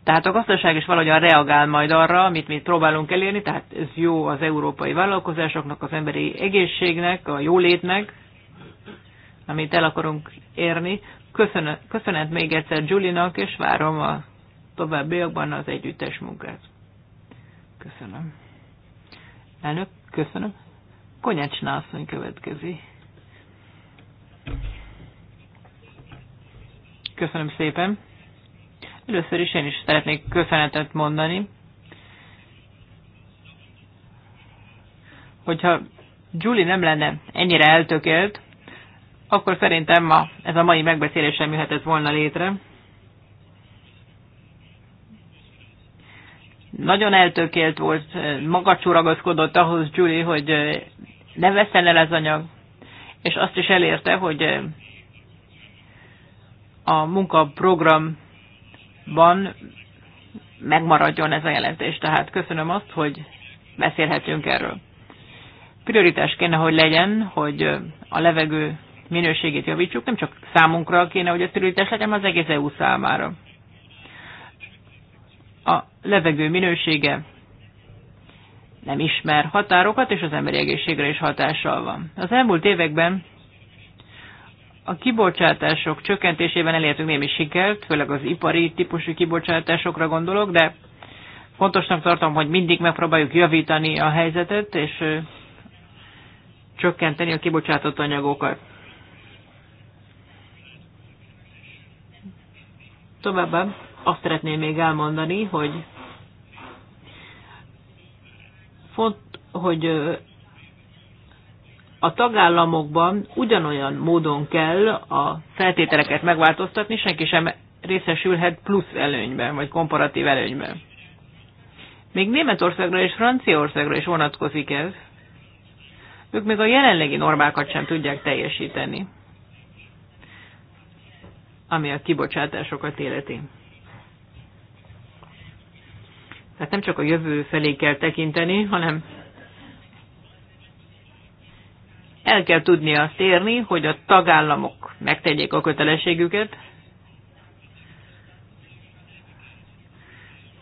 tehát a gazdaság is valahogyan reagál majd arra, amit mi próbálunk elérni, tehát ez jó az európai vállalkozásoknak, az emberi egészségnek, a jólétnek, amit el akarunk érni. Köszönet, köszönet még egyszer Julinak, és várom a továbbiakban az együttes munkát. Köszönöm. Elnök, köszönöm. Konyecsna asszony következi. Köszönöm szépen. Először is én is szeretnék köszönetet mondani. Hogyha Julie nem lenne ennyire eltökélt, akkor szerintem ma ez a mai megbeszélés sem jöhetett volna létre. Nagyon eltökélt volt, maga ragaszkodott ahhoz Julie, hogy ne veszel el az anyag, és azt is elérte, hogy a munkaprogram ban megmaradjon ez a jelentés. Tehát köszönöm azt, hogy beszélhetünk erről. Prioritás kéne, hogy legyen, hogy a levegő minőségét javítsuk, nem csak számunkra kéne, hogy ez prioritás legyen, az egész EU számára. A levegő minősége nem ismer határokat, és az emberi egészségre is hatással van. Az elmúlt években a kibocsátások csökkentésében elértünk némi sikert, főleg az ipari típusú kibocsátásokra gondolok, de fontosnak tartom, hogy mindig megpróbáljuk javítani a helyzetet, és csökkenteni a kibocsátott anyagokat. Továbbá azt szeretném még elmondani, hogy font, hogy a tagállamokban ugyanolyan módon kell a feltételeket megváltoztatni, senki sem részesülhet plusz előnyben, vagy komparatív előnyben. Még Németországra és Franciaországra is vonatkozik ez. Ők még a jelenlegi normákat sem tudják teljesíteni, ami a kibocsátásokat életi. Tehát nem csak a jövő felé kell tekinteni, hanem el kell tudnia térni, hogy a tagállamok megtegyék a kötelességüket.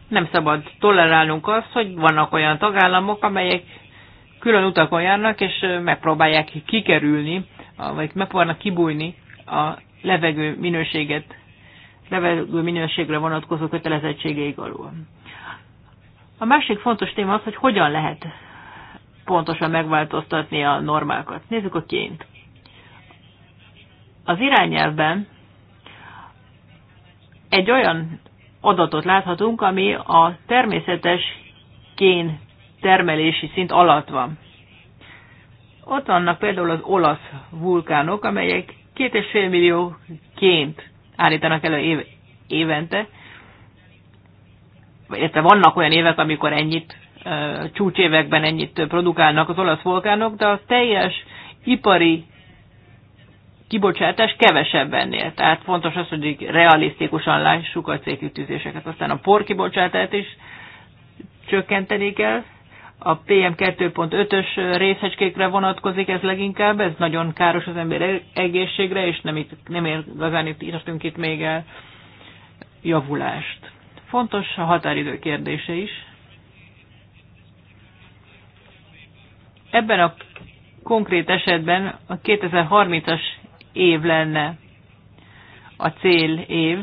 Nem szabad tolerálnunk azt, hogy vannak olyan tagállamok, amelyek külön utakon járnak, és megpróbálják kikerülni, vagy megpróbálnak kibújni a levegő minőséget, levegő minőségre vonatkozó kötelezettségeik alól. A másik fontos téma az, hogy hogyan lehet pontosan megváltoztatni a normákat. Nézzük a ként. Az irányelvben egy olyan adatot láthatunk, ami a természetes kén termelési szint alatt van. Ott vannak például az olasz vulkánok, amelyek 2,5 millió ként állítanak elő évente, illetve vannak olyan évek, amikor ennyit csúcsévekben ennyit produkálnak az olasz volkánok, de a teljes ipari kibocsátás kevesebb ennél. Tehát fontos az, hogy realisztikusan lássuk a célkitűzéseket. Aztán a por kibocsátát is csökkenteni kell. A PM2.5-ös részecskékre vonatkozik ez leginkább, ez nagyon káros az ember egészségre, és nem, itt, nem igazán itt írtunk itt még el javulást. Fontos a határidő kérdése is. Ebben a konkrét esetben a 2030-as év lenne a cél év,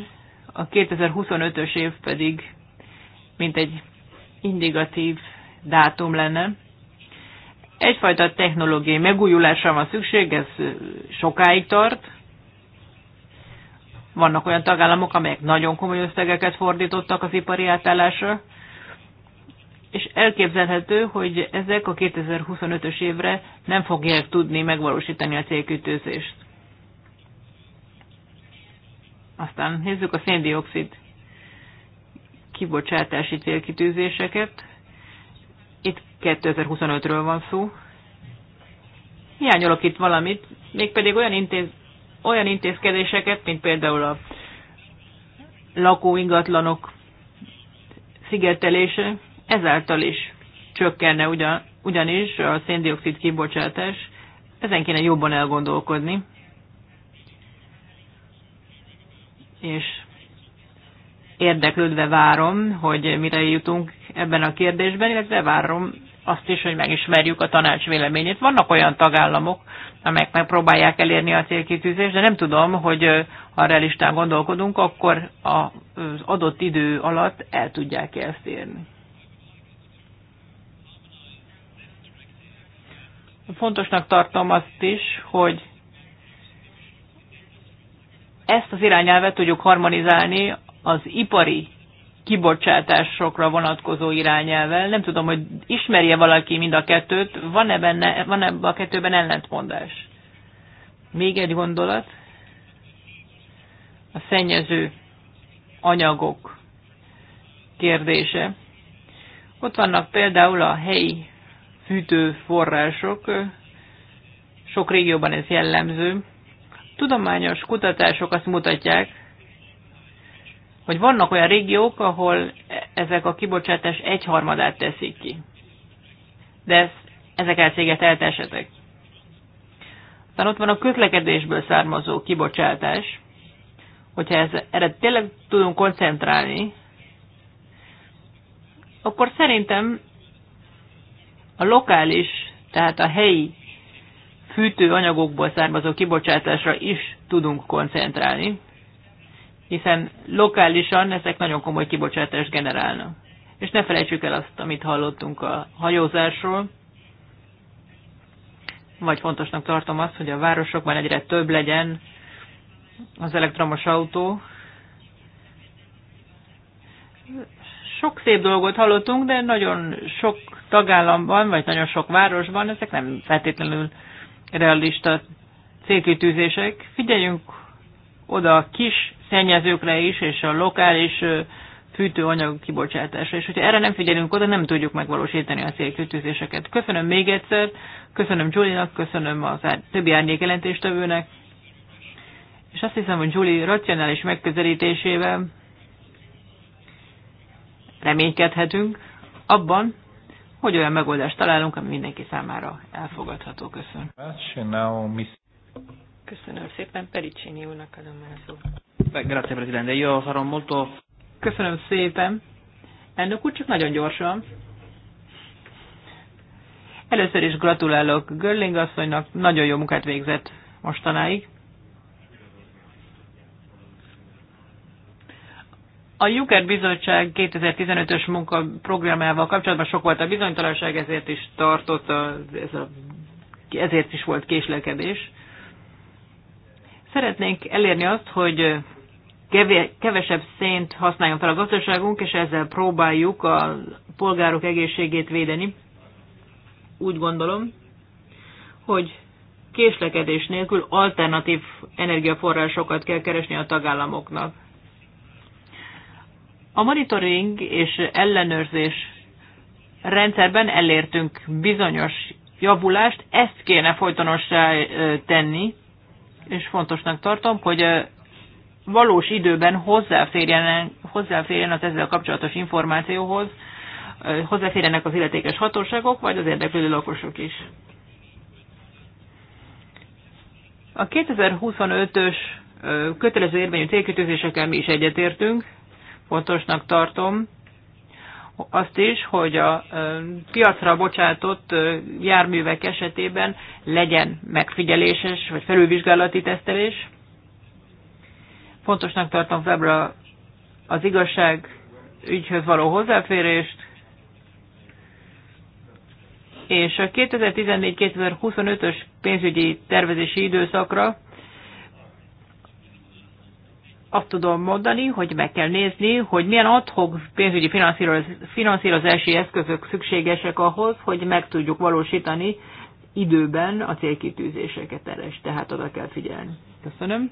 a 2025-ös év pedig mint egy indikatív dátum lenne. Egyfajta technológiai megújulásra van szükség, ez sokáig tart. Vannak olyan tagállamok, amelyek nagyon komoly összegeket fordítottak az ipari átállásra, és elképzelhető, hogy ezek a 2025-ös évre nem fogják tudni megvalósítani a célkütőzést. Aztán nézzük a széndiokszid kibocsátási célkitűzéseket. Itt 2025-ről van szó. Hiányolok itt valamit, mégpedig olyan, intéz, olyan intézkedéseket, mint például a lakóingatlanok szigetelése, ezáltal is csökkenne ugyan, ugyanis a széndiokszid kibocsátás, ezen kéne jobban elgondolkodni, és érdeklődve várom, hogy mire jutunk ebben a kérdésben, illetve várom azt is, hogy megismerjük a tanács véleményét. Vannak olyan tagállamok, amelyek megpróbálják elérni a célkitűzést, de nem tudom, hogy ha realistán gondolkodunk, akkor az adott idő alatt el tudják -e ezt érni. Fontosnak tartom azt is, hogy ezt az irányelvet tudjuk harmonizálni az ipari kibocsátásokra vonatkozó irányelvel. Nem tudom, hogy ismerje valaki mind a kettőt, van-e benne, van -e a kettőben ellentmondás? Még egy gondolat. A szennyező anyagok kérdése. Ott vannak például a helyi hűtőforrások. Sok régióban ez jellemző. Tudományos kutatások azt mutatják, hogy vannak olyan régiók, ahol ezek a kibocsátás egyharmadát teszik ki. De ez, ezek elszégetelt esetek. Aztán ott van a közlekedésből származó kibocsátás. Hogyha ez, erre tényleg tudunk koncentrálni, akkor szerintem a lokális, tehát a helyi fűtőanyagokból származó kibocsátásra is tudunk koncentrálni, hiszen lokálisan ezek nagyon komoly kibocsátást generálnak. És ne felejtsük el azt, amit hallottunk a hajózásról, vagy fontosnak tartom azt, hogy a városokban egyre több legyen az elektromos autó. Sok szép dolgot hallottunk, de nagyon sok tagállamban, vagy nagyon sok városban ezek nem feltétlenül realista célkitűzések. Figyeljünk oda a kis szennyezőkre is, és a lokális fűtőanyag kibocsátásra, és hogyha erre nem figyelünk oda, nem tudjuk megvalósítani a célkitűzéseket. Köszönöm még egyszer, köszönöm Julinak, köszönöm a többi árnyék jelentéstevőnek, és azt hiszem, hogy Julie racionális megközelítésével reménykedhetünk abban, hogy olyan megoldást találunk, ami mindenki számára elfogadható. Köszönöm. Köszönöm szépen, Pericsini úrnak adom el szót. Grazie, Presidente. Io farò molto... Köszönöm szépen. Elnök úr, csak nagyon gyorsan. Először is gratulálok Görling asszonynak, nagyon jó munkát végzett mostanáig. A Juker Bizottság 2015-ös munkaprogramjával kapcsolatban sok volt a bizonytalanság, ezért is tartott, a, ez a, ezért is volt késlekedés. Szeretnénk elérni azt, hogy kevesebb szént használjon fel a gazdaságunk, és ezzel próbáljuk a polgárok egészségét védeni. Úgy gondolom, hogy késlekedés nélkül alternatív energiaforrásokat kell keresni a tagállamoknak. A monitoring és ellenőrzés rendszerben elértünk bizonyos javulást, ezt kéne folytonossá tenni, és fontosnak tartom, hogy valós időben hozzáférjen, hozzáférjen az ezzel kapcsolatos információhoz, hozzáférjenek az illetékes hatóságok, vagy az érdeklődő lakosok is. A 2025-ös kötelező érvényű célkütőzésekkel mi is egyetértünk fontosnak tartom azt is, hogy a piacra bocsátott járművek esetében legyen megfigyeléses vagy felülvizsgálati tesztelés. Fontosnak tartom Febra az igazság ügyhöz való hozzáférést, és a 2014-2025-ös pénzügyi tervezési időszakra azt tudom mondani, hogy meg kell nézni, hogy milyen adhok pénzügyi finanszírozási eszközök szükségesek ahhoz, hogy meg tudjuk valósítani időben a célkitűzéseket erre is, tehát oda kell figyelni. Köszönöm.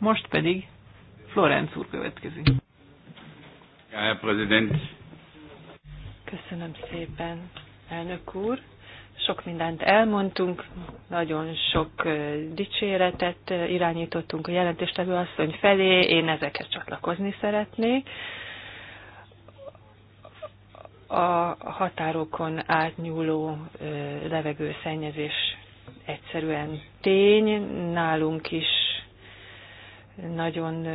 Most pedig Florenc úr következik. Köszönöm szépen, elnök úr. Sok mindent elmondtunk, nagyon sok dicséretet irányítottunk a jelentéstevő asszony felé, én ezeket csatlakozni szeretnék a határokon átnyúló levegőszennyezés egyszerűen tény, nálunk is nagyon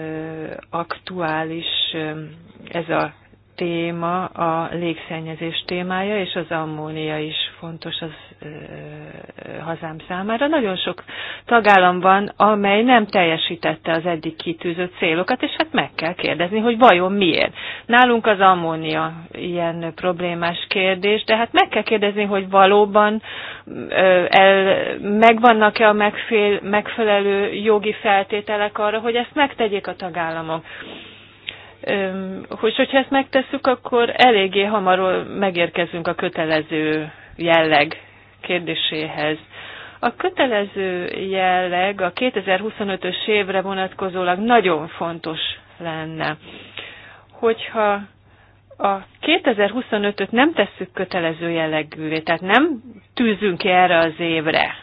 aktuális ez a téma a légszennyezés témája, és az ammónia is fontos az ö, hazám számára. Nagyon sok tagállam van, amely nem teljesítette az eddig kitűzött célokat, és hát meg kell kérdezni, hogy vajon miért. Nálunk az ammónia ilyen problémás kérdés, de hát meg kell kérdezni, hogy valóban el, megvannak-e a megfél, megfelelő jogi feltételek arra, hogy ezt megtegyék a tagállamok hogy hogyha ezt megtesszük, akkor eléggé hamar megérkezünk a kötelező jelleg kérdéséhez. A kötelező jelleg a 2025-ös évre vonatkozólag nagyon fontos lenne. Hogyha a 2025-öt nem tesszük kötelező jellegűvé, tehát nem tűzünk ki erre az évre,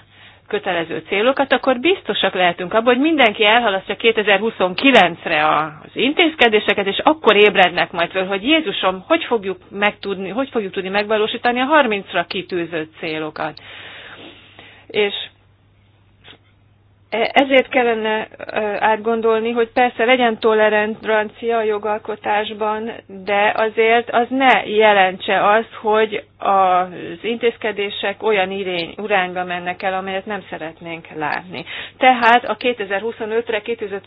kötelező célokat, akkor biztosak lehetünk abban, hogy mindenki elhalasztja 2029-re az intézkedéseket, és akkor ébrednek majd föl, hogy Jézusom, hogy fogjuk, megtudni, hogy fogjuk tudni megvalósítani a 30-ra kitűzött célokat. És E, ezért kellene e, átgondolni, hogy persze legyen tolerancia a jogalkotásban, de azért az ne jelentse azt, hogy az intézkedések olyan irény, urányba mennek el, amelyet nem szeretnénk látni. Tehát a 2025-re kitűzött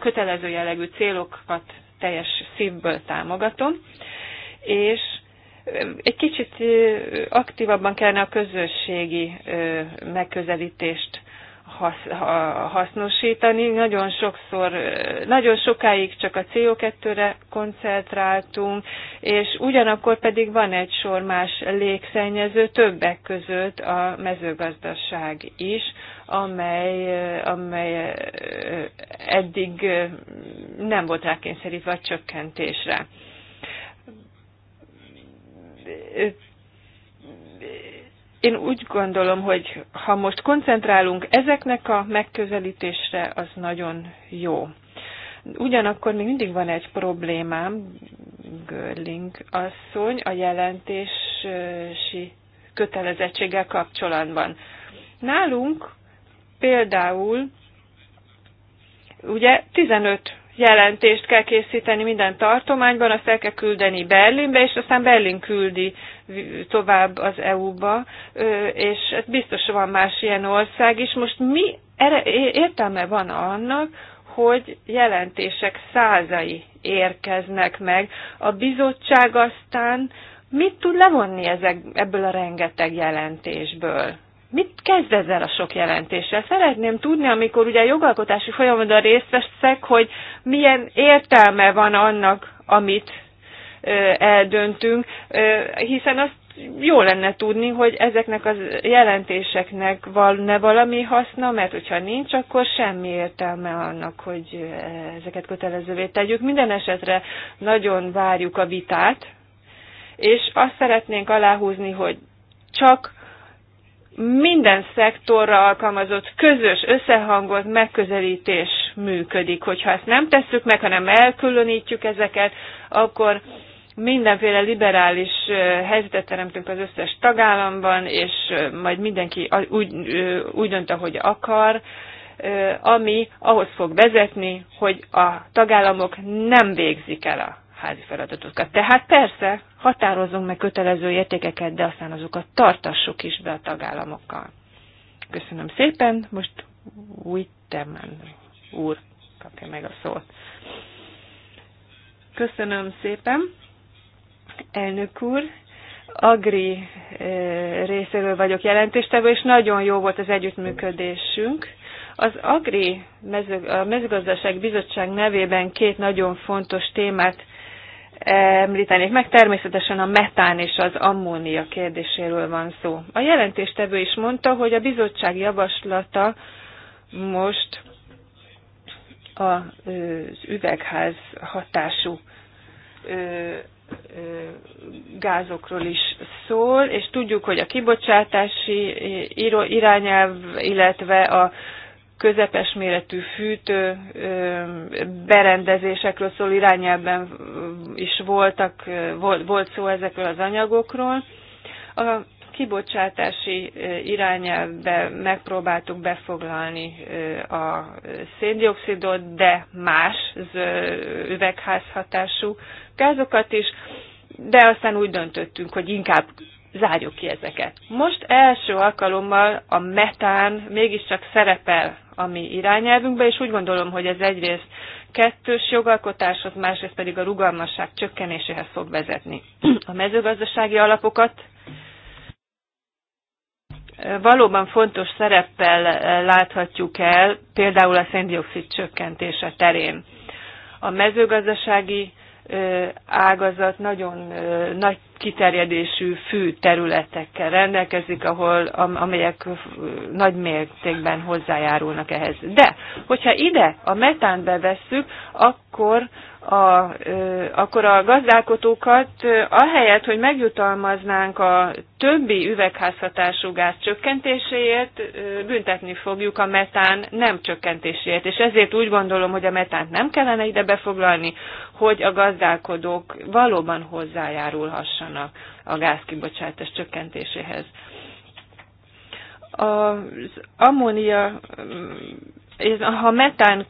kötelező jellegű célokat teljes szívből támogatom, és e, egy kicsit aktívabban kellene a közösségi megközelítést hasznosítani. Nagyon sokszor, nagyon sokáig csak a CO2-re koncentráltunk, és ugyanakkor pedig van egy sor más légszennyező, többek között a mezőgazdaság is, amely, amely eh, eddig eh, nem volt rákényszerítve a csökkentésre én úgy gondolom, hogy ha most koncentrálunk ezeknek a megközelítésre, az nagyon jó. Ugyanakkor még mindig van egy problémám, Görling asszony, a jelentési kötelezettséggel kapcsolatban. Nálunk például ugye 15 jelentést kell készíteni minden tartományban, azt el kell küldeni Berlinbe, és aztán Berlin küldi tovább az EU-ba, és ez hát biztos van más ilyen ország is. Most mi értelme van annak, hogy jelentések százai érkeznek meg. A bizottság aztán mit tud levonni ezek, ebből a rengeteg jelentésből? mit kezd ezzel a sok jelentéssel? Szeretném tudni, amikor ugye a jogalkotási folyamatban részt veszek, hogy milyen értelme van annak, amit eldöntünk, hiszen azt jó lenne tudni, hogy ezeknek a jelentéseknek van-e valami haszna, mert hogyha nincs, akkor semmi értelme annak, hogy ezeket kötelezővé tegyük. Minden esetre nagyon várjuk a vitát, és azt szeretnénk aláhúzni, hogy csak minden szektorra alkalmazott közös, összehangolt megközelítés működik. Hogyha ezt nem tesszük meg, hanem elkülönítjük ezeket, akkor mindenféle liberális helyzetet teremtünk az összes tagállamban, és majd mindenki úgy, úgy dönt, ahogy akar, ami ahhoz fog vezetni, hogy a tagállamok nem végzik el a házi feladatokat. Tehát persze, határozzunk meg kötelező értékeket, de aztán azokat tartassuk is be a tagállamokkal. Köszönöm szépen, most Wittemann úr kapja meg a szót. Köszönöm szépen, elnök úr. Agri eh, részéről vagyok jelentéstevő, és nagyon jó volt az együttműködésünk. Az Agri mezőg, a mezőgazdaság bizottság nevében két nagyon fontos témát említenék meg, természetesen a metán és az ammónia kérdéséről van szó. A jelentéstevő is mondta, hogy a bizottság javaslata most az üvegház hatású gázokról is szól, és tudjuk, hogy a kibocsátási irányelv, illetve a közepes méretű fűtő berendezésekről szól irányában is voltak, volt, volt szó ezekről az anyagokról. A kibocsátási irányelvbe megpróbáltuk befoglalni a széndiokszidot, de más üvegházhatású gázokat is, de aztán úgy döntöttünk, hogy inkább zárjuk ki ezeket. Most első alkalommal a metán mégiscsak szerepel a mi irányelvünkbe, és úgy gondolom, hogy ez egyrészt kettős jogalkotáshoz, másrészt pedig a rugalmasság csökkenéséhez fog vezetni. A mezőgazdasági alapokat valóban fontos szereppel láthatjuk el, például a széndiokszid csökkentése terén. A mezőgazdasági ágazat nagyon nagy kiterjedésű fű területekkel rendelkezik, ahol, amelyek nagy mértékben hozzájárulnak ehhez. De, hogyha ide a metánt bevesszük, akkor a, akkor a gazdálkodókat ahelyett, hogy megjutalmaznánk a többi üvegházhatású gáz csökkentéséért, büntetni fogjuk a metán nem csökkentéséért. És ezért úgy gondolom, hogy a metánt nem kellene ide befoglalni, hogy a gazdálkodók valóban hozzájárulhassanak a gázkibocsátás csökkentéséhez. Az ammónia ha metán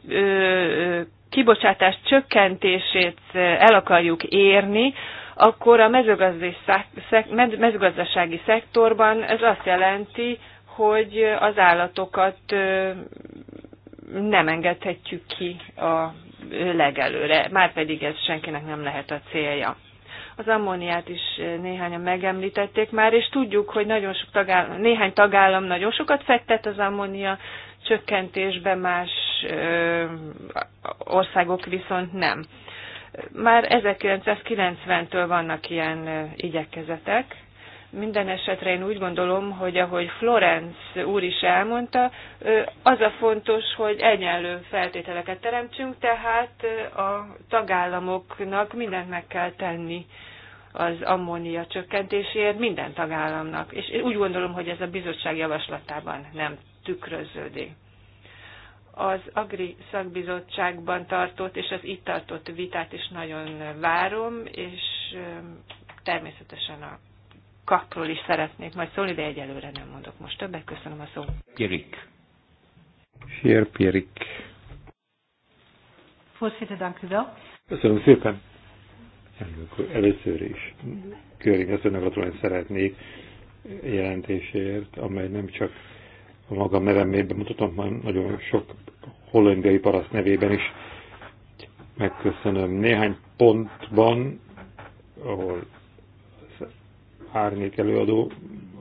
kibocsátás csökkentését el akarjuk érni, akkor a mezőgazdasági szektorban ez azt jelenti, hogy az állatokat nem engedhetjük ki a legelőre, már pedig ez senkinek nem lehet a célja. Az ammóniát is néhányan megemlítették már, és tudjuk, hogy nagyon sok tagállam, néhány tagállam nagyon sokat fektet az ammónia csökkentésben más országok viszont nem. Már 1990-től vannak ilyen igyekezetek. Minden esetre én úgy gondolom, hogy ahogy Florence úr is elmondta, az a fontos, hogy egyenlő feltételeket teremtsünk, tehát a tagállamoknak mindent meg kell tenni az ammónia csökkentéséért minden tagállamnak. És úgy gondolom, hogy ez a bizottság javaslatában nem tükröződik. Az Agri szakbizottságban tartott és az itt tartott vitát is nagyon várom, és természetesen a kapról is szeretnék majd szólni, de egyelőre nem mondok most többet. Köszönöm a szót. Pirik. Sier Pirik. Voorzitter, dank u wel. Köszönöm szépen. Először is Köring asszonynak gratulálni szeretnék jelentésért, amely nem csak a maga nevemében mutatom, már nagyon sok hollandiai paraszt nevében is megköszönöm. Néhány pontban, ahol az árnyék előadó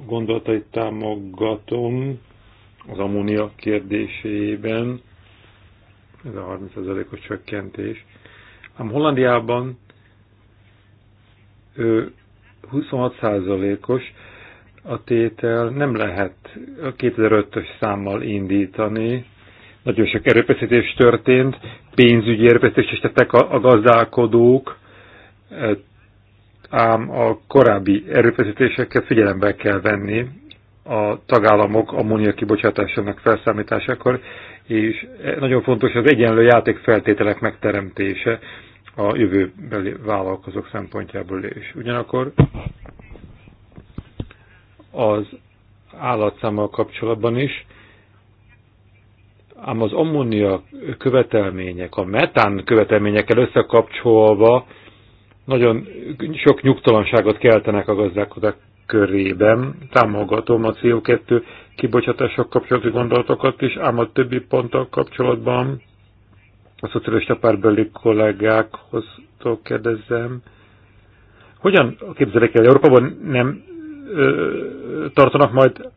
gondolatait támogatom, az ammónia kérdésében, ez a 30%-os csökkentés. Ám Hollandiában 26%-os a tétel nem lehet a 2005-ös számmal indítani. Nagyon sok erőfeszítés történt, pénzügyi is tettek a, a gazdálkodók, e, ám a korábbi erőfeszítéseket figyelembe kell venni a tagállamok ammónia kibocsátásának felszámításakor, és e, nagyon fontos az egyenlő játékfeltételek megteremtése a jövőbeli vállalkozók szempontjából is. Ugyanakkor az állatszámmal kapcsolatban is, ám az ammónia követelmények, a metán követelményekkel összekapcsolva nagyon sok nyugtalanságot keltenek a gazdálkodók körében. Támogatom a CO2 kibocsátások kapcsolati gondolatokat is, ám a többi ponttal kapcsolatban a szocialista párbeli kollégákhoz kérdezem, hogyan képzelek el, Európában nem tartanak majd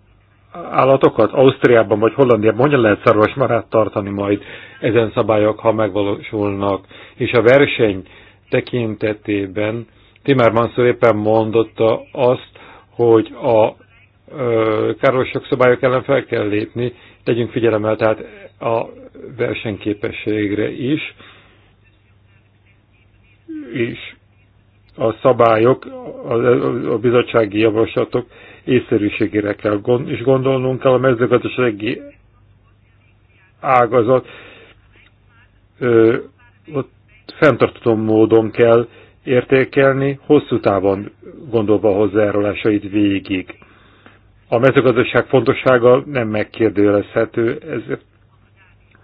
állatokat? Ausztriában vagy Hollandiában hogyan lehet szarvasmarát tartani majd ezen szabályok, ha megvalósulnak? És a verseny tekintetében Timmermans éppen mondotta azt, hogy a károsok szabályok ellen fel kell lépni, tegyünk figyelemmel tehát a versenyképességre is, és a szabályok, a bizottsági javaslatok észszerűségére kell gond, és gondolnunk kell a mezőgazdasági ágazat, ö, ott fenntartató módon kell értékelni, hosszú távon gondolva hozzájárulásait végig. A mezőgazdaság fontossága nem megkérdőjelezhető, ezért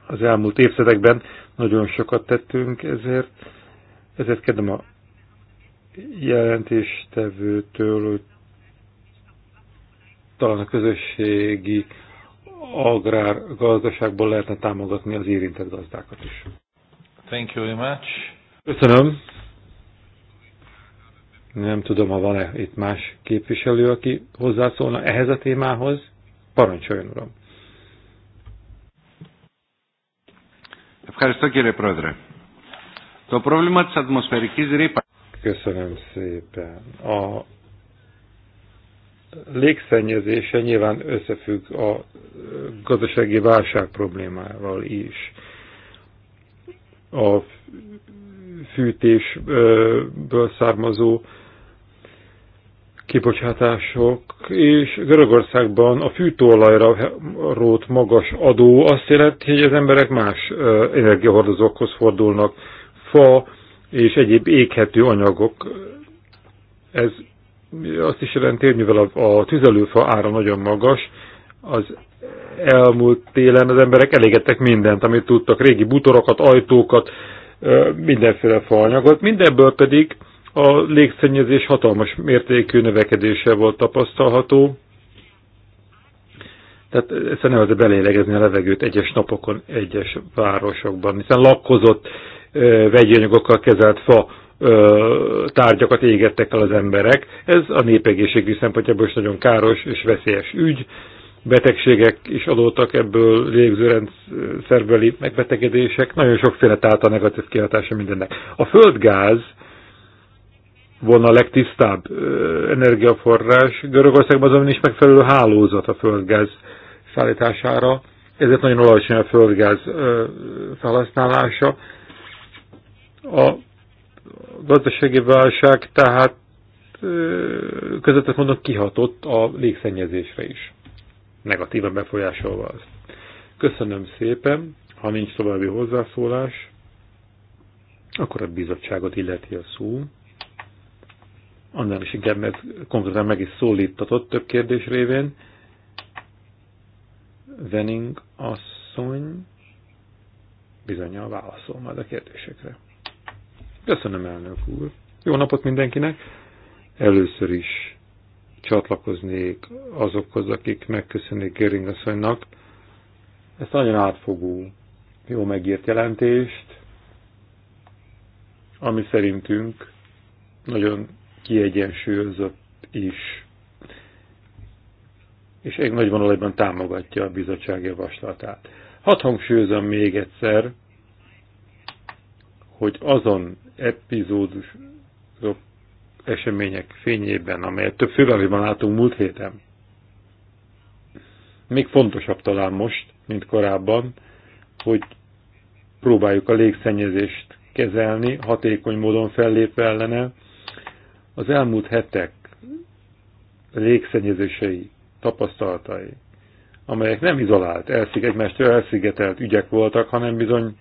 az elmúlt évtizedekben nagyon sokat tettünk, ezért, ezért kérdem a jelentéstevőtől, hogy talán a közösségi agrár gazdaságból lehetne támogatni az érintett gazdákat is. Thank you very much. Köszönöm. Nem tudom, ha van-e itt más képviselő, aki hozzászólna ehhez a témához. Parancsoljon, uram. Köszönöm, κύριε A Το az της ατμοσφαιρικής Köszönöm szépen. A légszennyezése nyilván összefügg a gazdasági válság problémával is. A fűtésből származó kibocsátások, és Görögországban a fűtőolajra rót magas adó azt jelenti, hogy az emberek más energiahordozókhoz fordulnak. Fa, és egyéb éghető anyagok. Ez azt is jelenti, hogy mivel a, a tüzelőfa ára nagyon magas, az elmúlt télen az emberek elégettek mindent, amit tudtak, régi butorokat, ajtókat, mindenféle faanyagot. Mindebből pedig a légszennyezés hatalmas mértékű növekedése volt tapasztalható. Tehát ezt nem lehet belélegezni a levegőt egyes napokon, egyes városokban, hiszen lakkozott vegyi anyagokkal kezelt fa tárgyakat égettek el az emberek. Ez a népegészségügy szempontjából is nagyon káros és veszélyes ügy. Betegségek is adódtak ebből, légzőrendszerbeli megbetegedések, nagyon sokféle tehát a negatív kihatása mindennek. A földgáz volna a legtisztább energiaforrás. Görögországban azonban is megfelelő hálózat a földgáz szállítására, ezért nagyon alacsony a földgáz felhasználása a gazdasági válság tehát közöttet mondom kihatott a légszennyezésre is. Negatívan befolyásolva az. Köszönöm szépen, ha nincs további hozzászólás, akkor a bizottságot illeti a szó. Annál is igen, mert konkrétan meg is szólítatott több kérdés révén. Venning asszony bizonyal válaszol majd a kérdésekre. Köszönöm, elnök úr. Jó napot mindenkinek. Először is csatlakoznék azokhoz, akik megköszönik Gering asszonynak ezt nagyon átfogó, jó megírt jelentést, ami szerintünk nagyon kiegyensúlyozott is, és egy nagy vonalában támogatja a bizottság javaslatát. Hadd hangsúlyozom még egyszer, hogy azon epizódusok események fényében, amelyet több fővárosban látunk múlt héten, még fontosabb talán most, mint korábban, hogy próbáljuk a légszennyezést kezelni, hatékony módon fellépve ellene. Az elmúlt hetek légszennyezései, tapasztalatai, amelyek nem izolált, elszig, egymástól elszigetelt ügyek voltak, hanem bizony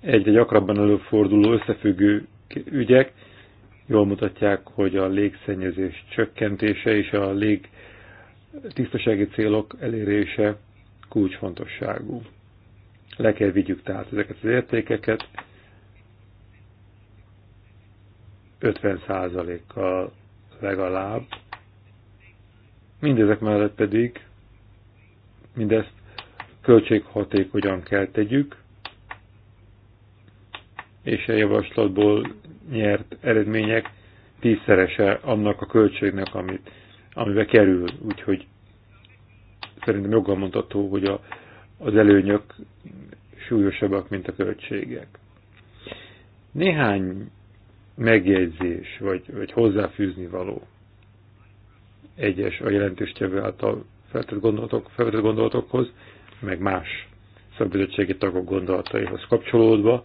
egyre gyakrabban előforduló összefüggő ügyek jól mutatják, hogy a légszennyezés csökkentése és a lég tisztasági célok elérése kulcsfontosságú. Le kell vigyük tehát ezeket az értékeket 50%-kal legalább. Mindezek mellett pedig mindezt költséghatékonyan kell tegyük, és a javaslatból nyert eredmények tízszerese annak a költségnek, amit, amibe kerül. Úgyhogy szerintem joggal mondható, hogy a, az előnyök súlyosabbak, mint a költségek. Néhány megjegyzés, vagy, vagy hozzáfűzni való egyes a jelentős által feltett, gondolatok, feltett gondolatokhoz, meg más szakbizottsági tagok gondolataihoz kapcsolódva,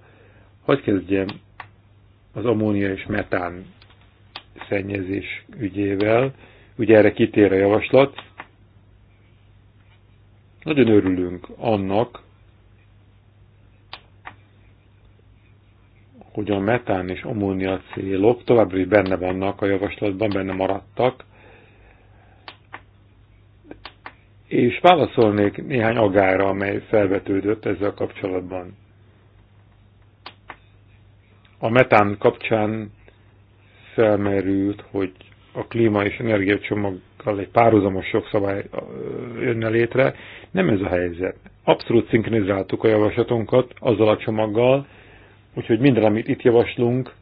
Hagy kezdjem az ammónia és metán szennyezés ügyével. Ugye erre kitér a javaslat. Nagyon örülünk annak, hogy a metán és ammónia célok továbbra is benne vannak a javaslatban, benne maradtak, és válaszolnék néhány agára, amely felvetődött ezzel kapcsolatban. A metán kapcsán felmerült, hogy a klíma és energiacsomaggal egy párhuzamos jogszabály jönne létre. Nem ez a helyzet. Abszolút szinkronizáltuk a javaslatunkat azzal a csomaggal, úgyhogy minden, amit itt javaslunk,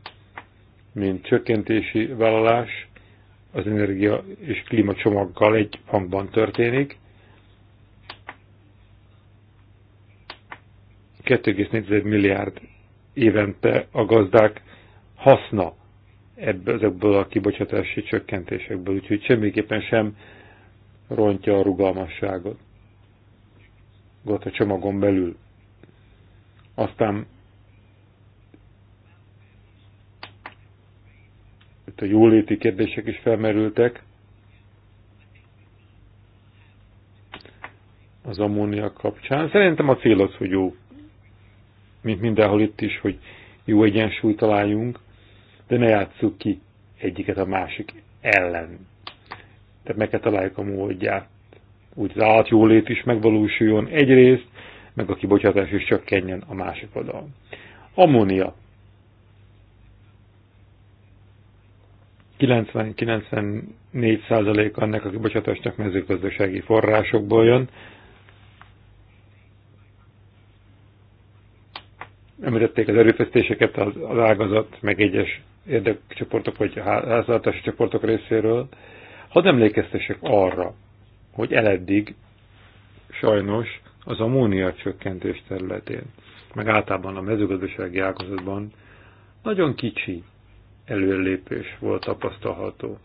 mint csökkentési vállalás, az energia és klíma csomaggal egy hangban történik. 2,4 milliárd évente a gazdák haszna ebből, ezekből a kibocsátási csökkentésekből, úgyhogy semmiképpen sem rontja a rugalmasságot gott a csomagon belül. Aztán itt a jóléti kérdések is felmerültek. Az ammónia kapcsán. Szerintem a cél az, hogy jó mint mindenhol itt is, hogy jó egyensúlyt találjunk, de ne játsszuk ki egyiket a másik ellen. Tehát meg kell találjuk a módját, úgy az állatjólét is megvalósuljon egyrészt, meg a kibocsátás is csökkenjen a másik oldalon. Ammónia. 90-94% ennek a kibocsátásnak mezőgazdasági forrásokból jön, említették az erőfeszítéseket az, az ágazat, meg egyes érdekcsoportok vagy háztartási csoportok részéről. Hadd emlékeztessek arra, hogy eleddig sajnos az ammónia csökkentés területén, meg általában a mezőgazdasági ágazatban nagyon kicsi előrelépés volt tapasztalható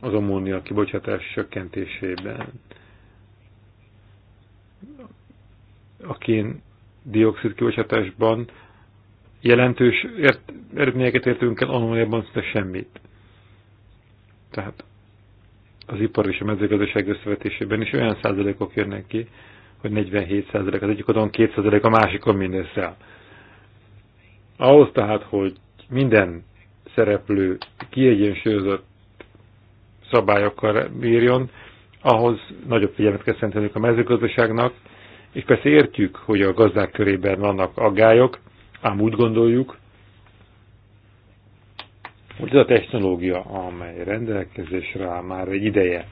az ammónia kibocsátás csökkentésében. A dioxid kibocsátásban jelentős ért, eredményeket értünk el, anomaliában szinte semmit. Tehát az ipar és a mezőgazdaság összevetésében is olyan százalékok jönnek ki, hogy 47 százalék az egyik oldalon, 2 százalék a másikon mindössze. Ahhoz tehát, hogy minden szereplő kiegyensúlyozott szabályokkal bírjon, ahhoz nagyobb figyelmet kell szentelni a mezőgazdaságnak, és persze értjük, hogy a gazdák körében vannak aggályok, ám úgy gondoljuk, hogy ez a technológia, amely rendelkezésre áll már egy ideje,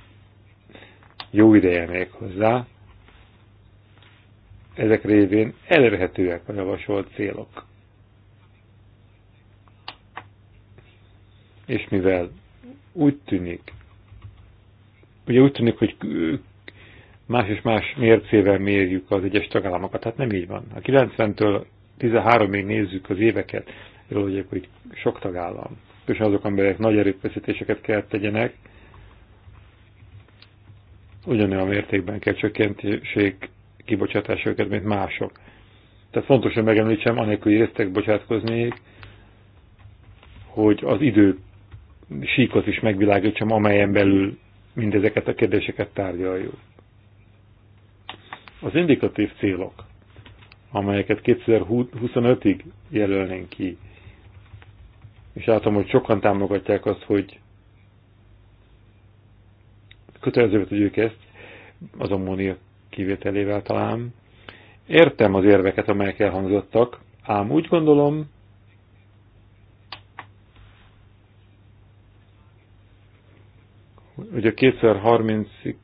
jó ideje még hozzá, ezek révén elérhetőek a javasolt célok. És mivel úgy tűnik, ugye úgy tűnik, hogy más és más mércével mérjük az egyes tagállamokat. Hát nem így van. A 90-től 13-ig nézzük az éveket, erről hogy itt sok tagállam. és azok emberek nagy erőfeszítéseket kell tegyenek, ugyanolyan mértékben kell csökkentsék kibocsátásokat, mint mások. Tehát fontos, hogy megemlítsem, anélkül, hogy résztek bocsátkoznék, hogy az idő síkot is megvilágítsam, amelyen belül mindezeket a kérdéseket tárgyaljuk. Az indikatív célok, amelyeket 2025-ig jelölnénk ki, és látom, hogy sokan támogatják azt, hogy kötelezővé tudjuk ezt, az ammónia kivételével talán. Értem az érveket, amelyek elhangzottak, ám úgy gondolom, hogy a 2030-ig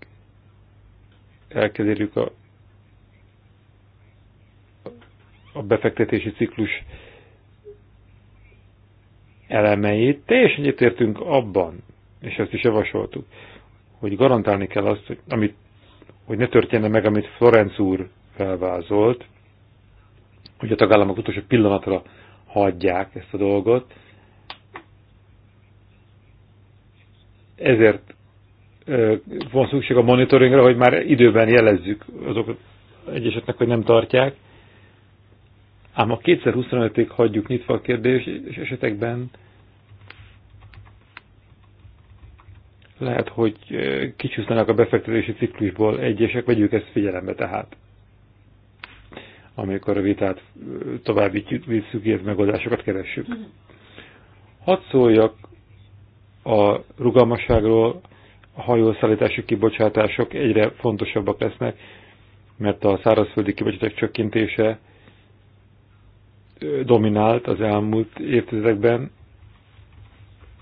elkezdjük a a befektetési ciklus elemeit. Teljesen egyetértünk abban, és ezt is javasoltuk, hogy garantálni kell azt, hogy, amit, hogy ne történne meg, amit Florenc úr felvázolt, hogy a tagállamok utolsó pillanatra hagyják ezt a dolgot. Ezért van szükség a monitoringra, hogy már időben jelezzük azok egyeseknek, hogy nem tartják. Ám a 2025-ig hagyjuk nyitva a kérdés és esetekben lehet, hogy kicsúsznának a befektetési ciklusból egyesek, vegyük ezt figyelembe tehát. Amikor a vitát további visszük, ilyet megoldásokat keressük. Mhm. Hadd szóljak a rugalmasságról, a hajószállítási kibocsátások egyre fontosabbak lesznek, mert a szárazföldi kibocsátások csökkentése dominált az elmúlt évtizedekben,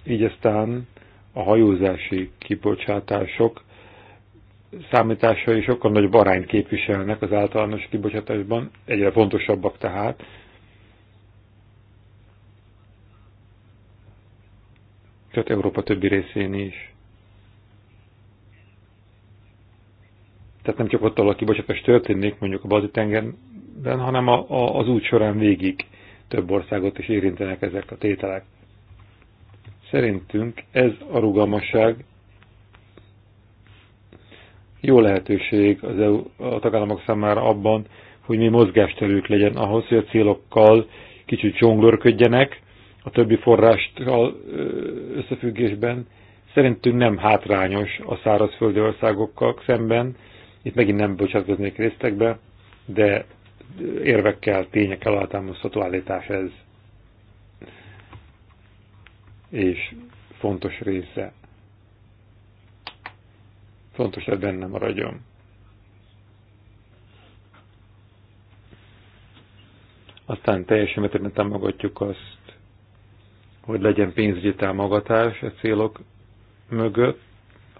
így aztán a hajózási kibocsátások számításai sokkal nagyobb arányt képviselnek az általános kibocsátásban, egyre fontosabbak tehát. tehát Európa többi részén is. Tehát nem csak ott, ahol a kibocsátás történik, mondjuk a Balti-tenger ben, hanem a, a, az út során végig több országot is érintenek ezek a tételek. Szerintünk ez a rugalmasság jó lehetőség az EU, a tagállamok számára abban, hogy mi mozgásterük legyen ahhoz, hogy a célokkal kicsit csonglörködjenek a többi forrással összefüggésben. Szerintünk nem hátrányos a szárazföldi országokkal szemben, itt megint nem bocsátkoznék résztekbe, de érvekkel, tényekkel alátámasztható állítás ez. És fontos része. Fontos, hogy benne maradjon. Aztán teljesen mértékben támogatjuk azt, hogy legyen pénzügyi támogatás a célok mögött.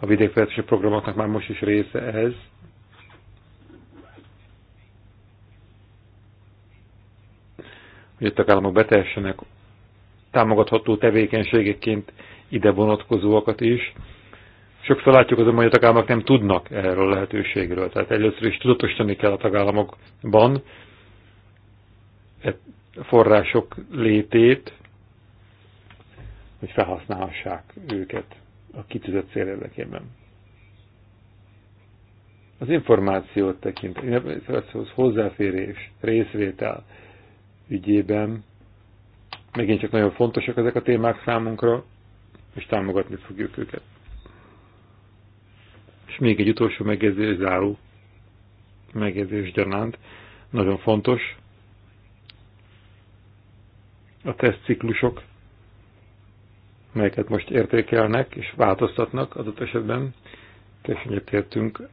A vidékfejlesztési programoknak már most is része ez, hogy a tagállamok betehessenek támogatható tevékenységeként ide vonatkozóakat is. Sokszor látjuk azonban, hogy a tagállamok nem tudnak erről a lehetőségről. Tehát először is tudatosítani kell a tagállamokban e források létét, hogy felhasználhassák őket a kitűzött cél érdekében. Az információt tekint, információhoz hozzáférés, részvétel, ügyében. Megint csak nagyon fontosak ezek a témák számunkra, és támogatni fogjuk őket. És még egy utolsó megjegyzés, záró megjegyzés gyanánt. Nagyon fontos a tesztciklusok, melyeket most értékelnek és változtatnak adott esetben. Teljesen egyetértünk,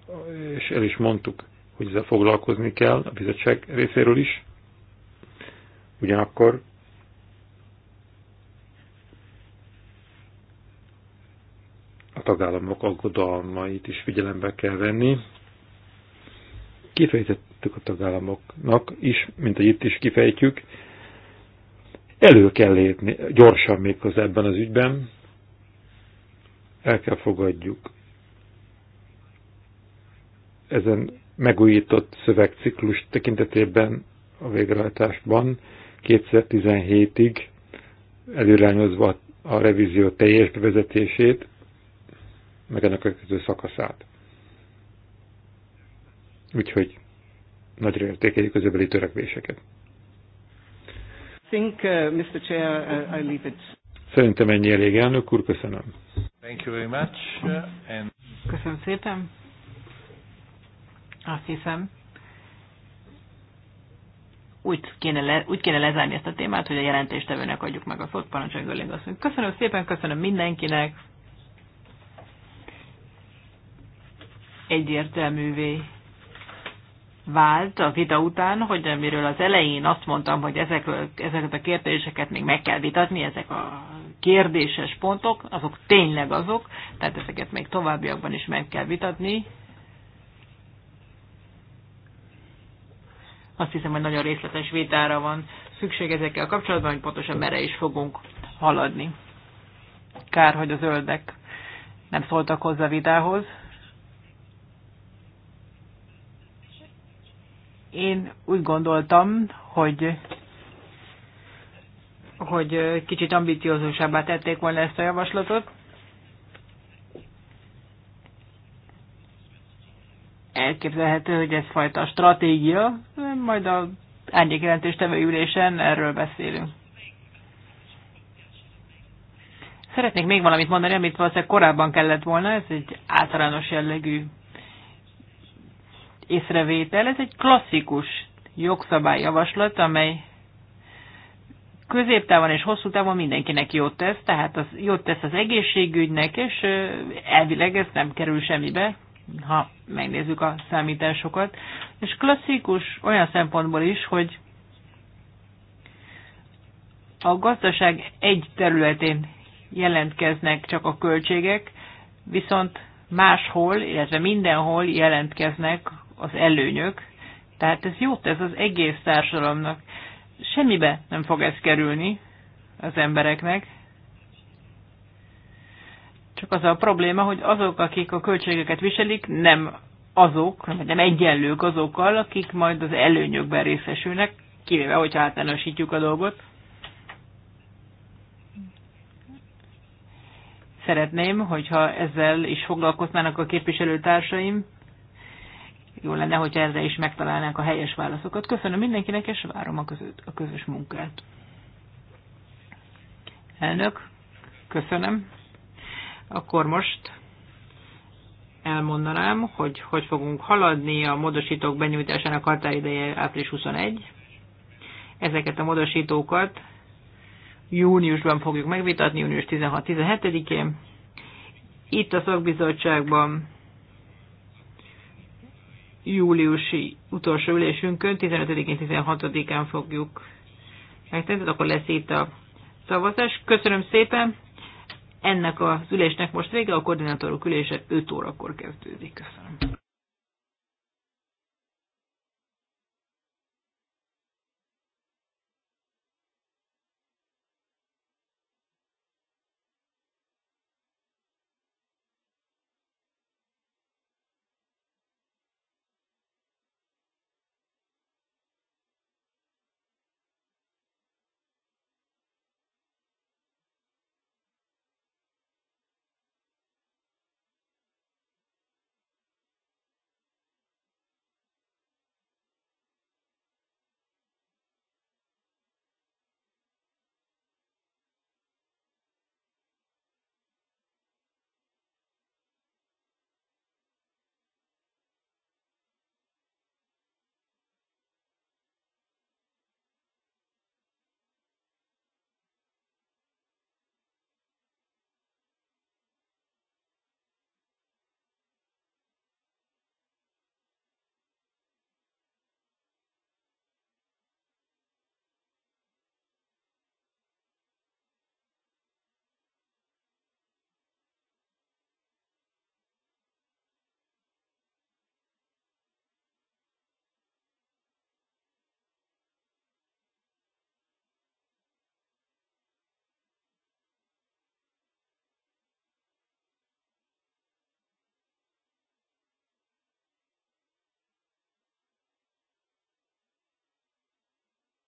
és el is mondtuk, hogy ezzel foglalkozni kell a bizottság részéről is. Ugyanakkor a tagállamok aggodalmait is figyelembe kell venni. Kifejtettük a tagállamoknak is, mint hogy itt is kifejtjük, elő kell lépni gyorsan az ebben az ügyben, el kell fogadjuk ezen megújított szövegciklus tekintetében a végrehajtásban, 2017-ig előrányozva a revízió teljes bevezetését, meg ennek a következő szakaszát. Úgyhogy nagyra értékeljük az öbeli törekvéseket. Think, uh, Mr. Chair, uh, I leave it. Szerintem ennyi elég, elnök úr, köszönöm. Thank you very much. Uh, and... Köszönöm szépen. Azt hiszem, úgy kéne, le, úgy kéne lezárni ezt a témát, hogy a jelentéstevőnek adjuk meg a szót, parancsoljon Görling asszony. Köszönöm szépen, köszönöm mindenkinek. Egyértelművé vált a vita után, hogy amiről az elején azt mondtam, hogy ezek, ezeket a kérdéseket még meg kell vitatni, ezek a kérdéses pontok, azok tényleg azok, tehát ezeket még továbbiakban is meg kell vitatni, Azt hiszem, hogy nagyon részletes vétára van szükség ezekkel a kapcsolatban, hogy pontosan merre is fogunk haladni. Kár, hogy a zöldek nem szóltak hozzá a vitához. Én úgy gondoltam, hogy hogy kicsit ambiciózusabbá tették volna ezt a javaslatot. elképzelhető, hogy ez fajta stratégia, majd a árnyékjelentéstevő ülésen erről beszélünk. Szeretnék még valamit mondani, amit valószínűleg korábban kellett volna, ez egy általános jellegű észrevétel, ez egy klasszikus jogszabályjavaslat, amely középtávon és hosszú távon mindenkinek jót tesz, tehát az jót tesz az egészségügynek, és elvileg ez nem kerül semmibe, ha megnézzük a számításokat. És klasszikus olyan szempontból is, hogy a gazdaság egy területén jelentkeznek csak a költségek, viszont máshol, illetve mindenhol jelentkeznek az előnyök. Tehát ez jót ez az egész társadalomnak. Semmibe nem fog ez kerülni az embereknek. Csak az a probléma, hogy azok, akik a költségeket viselik, nem azok, nem egyenlők azokkal, akik majd az előnyökben részesülnek, kivéve, hogy általánosítjuk a dolgot. Szeretném, hogyha ezzel is foglalkoznának a képviselőtársaim. Jó lenne, hogyha erre is megtalálnánk a helyes válaszokat. Köszönöm mindenkinek, és várom a, közös, a közös munkát. Elnök, köszönöm. Akkor most elmondanám, hogy hogy fogunk haladni a módosítók benyújtásának határideje április 21. Ezeket a módosítókat júniusban fogjuk megvitatni, június 16-17-én. Itt a szakbizottságban júliusi utolsó ülésünkön, 15-én, 16-án fogjuk megtenni, akkor lesz itt a szavazás. Köszönöm szépen! Ennek az ülésnek most vége, a koordinátorok ülése 5 órakor kezdődik. Köszönöm.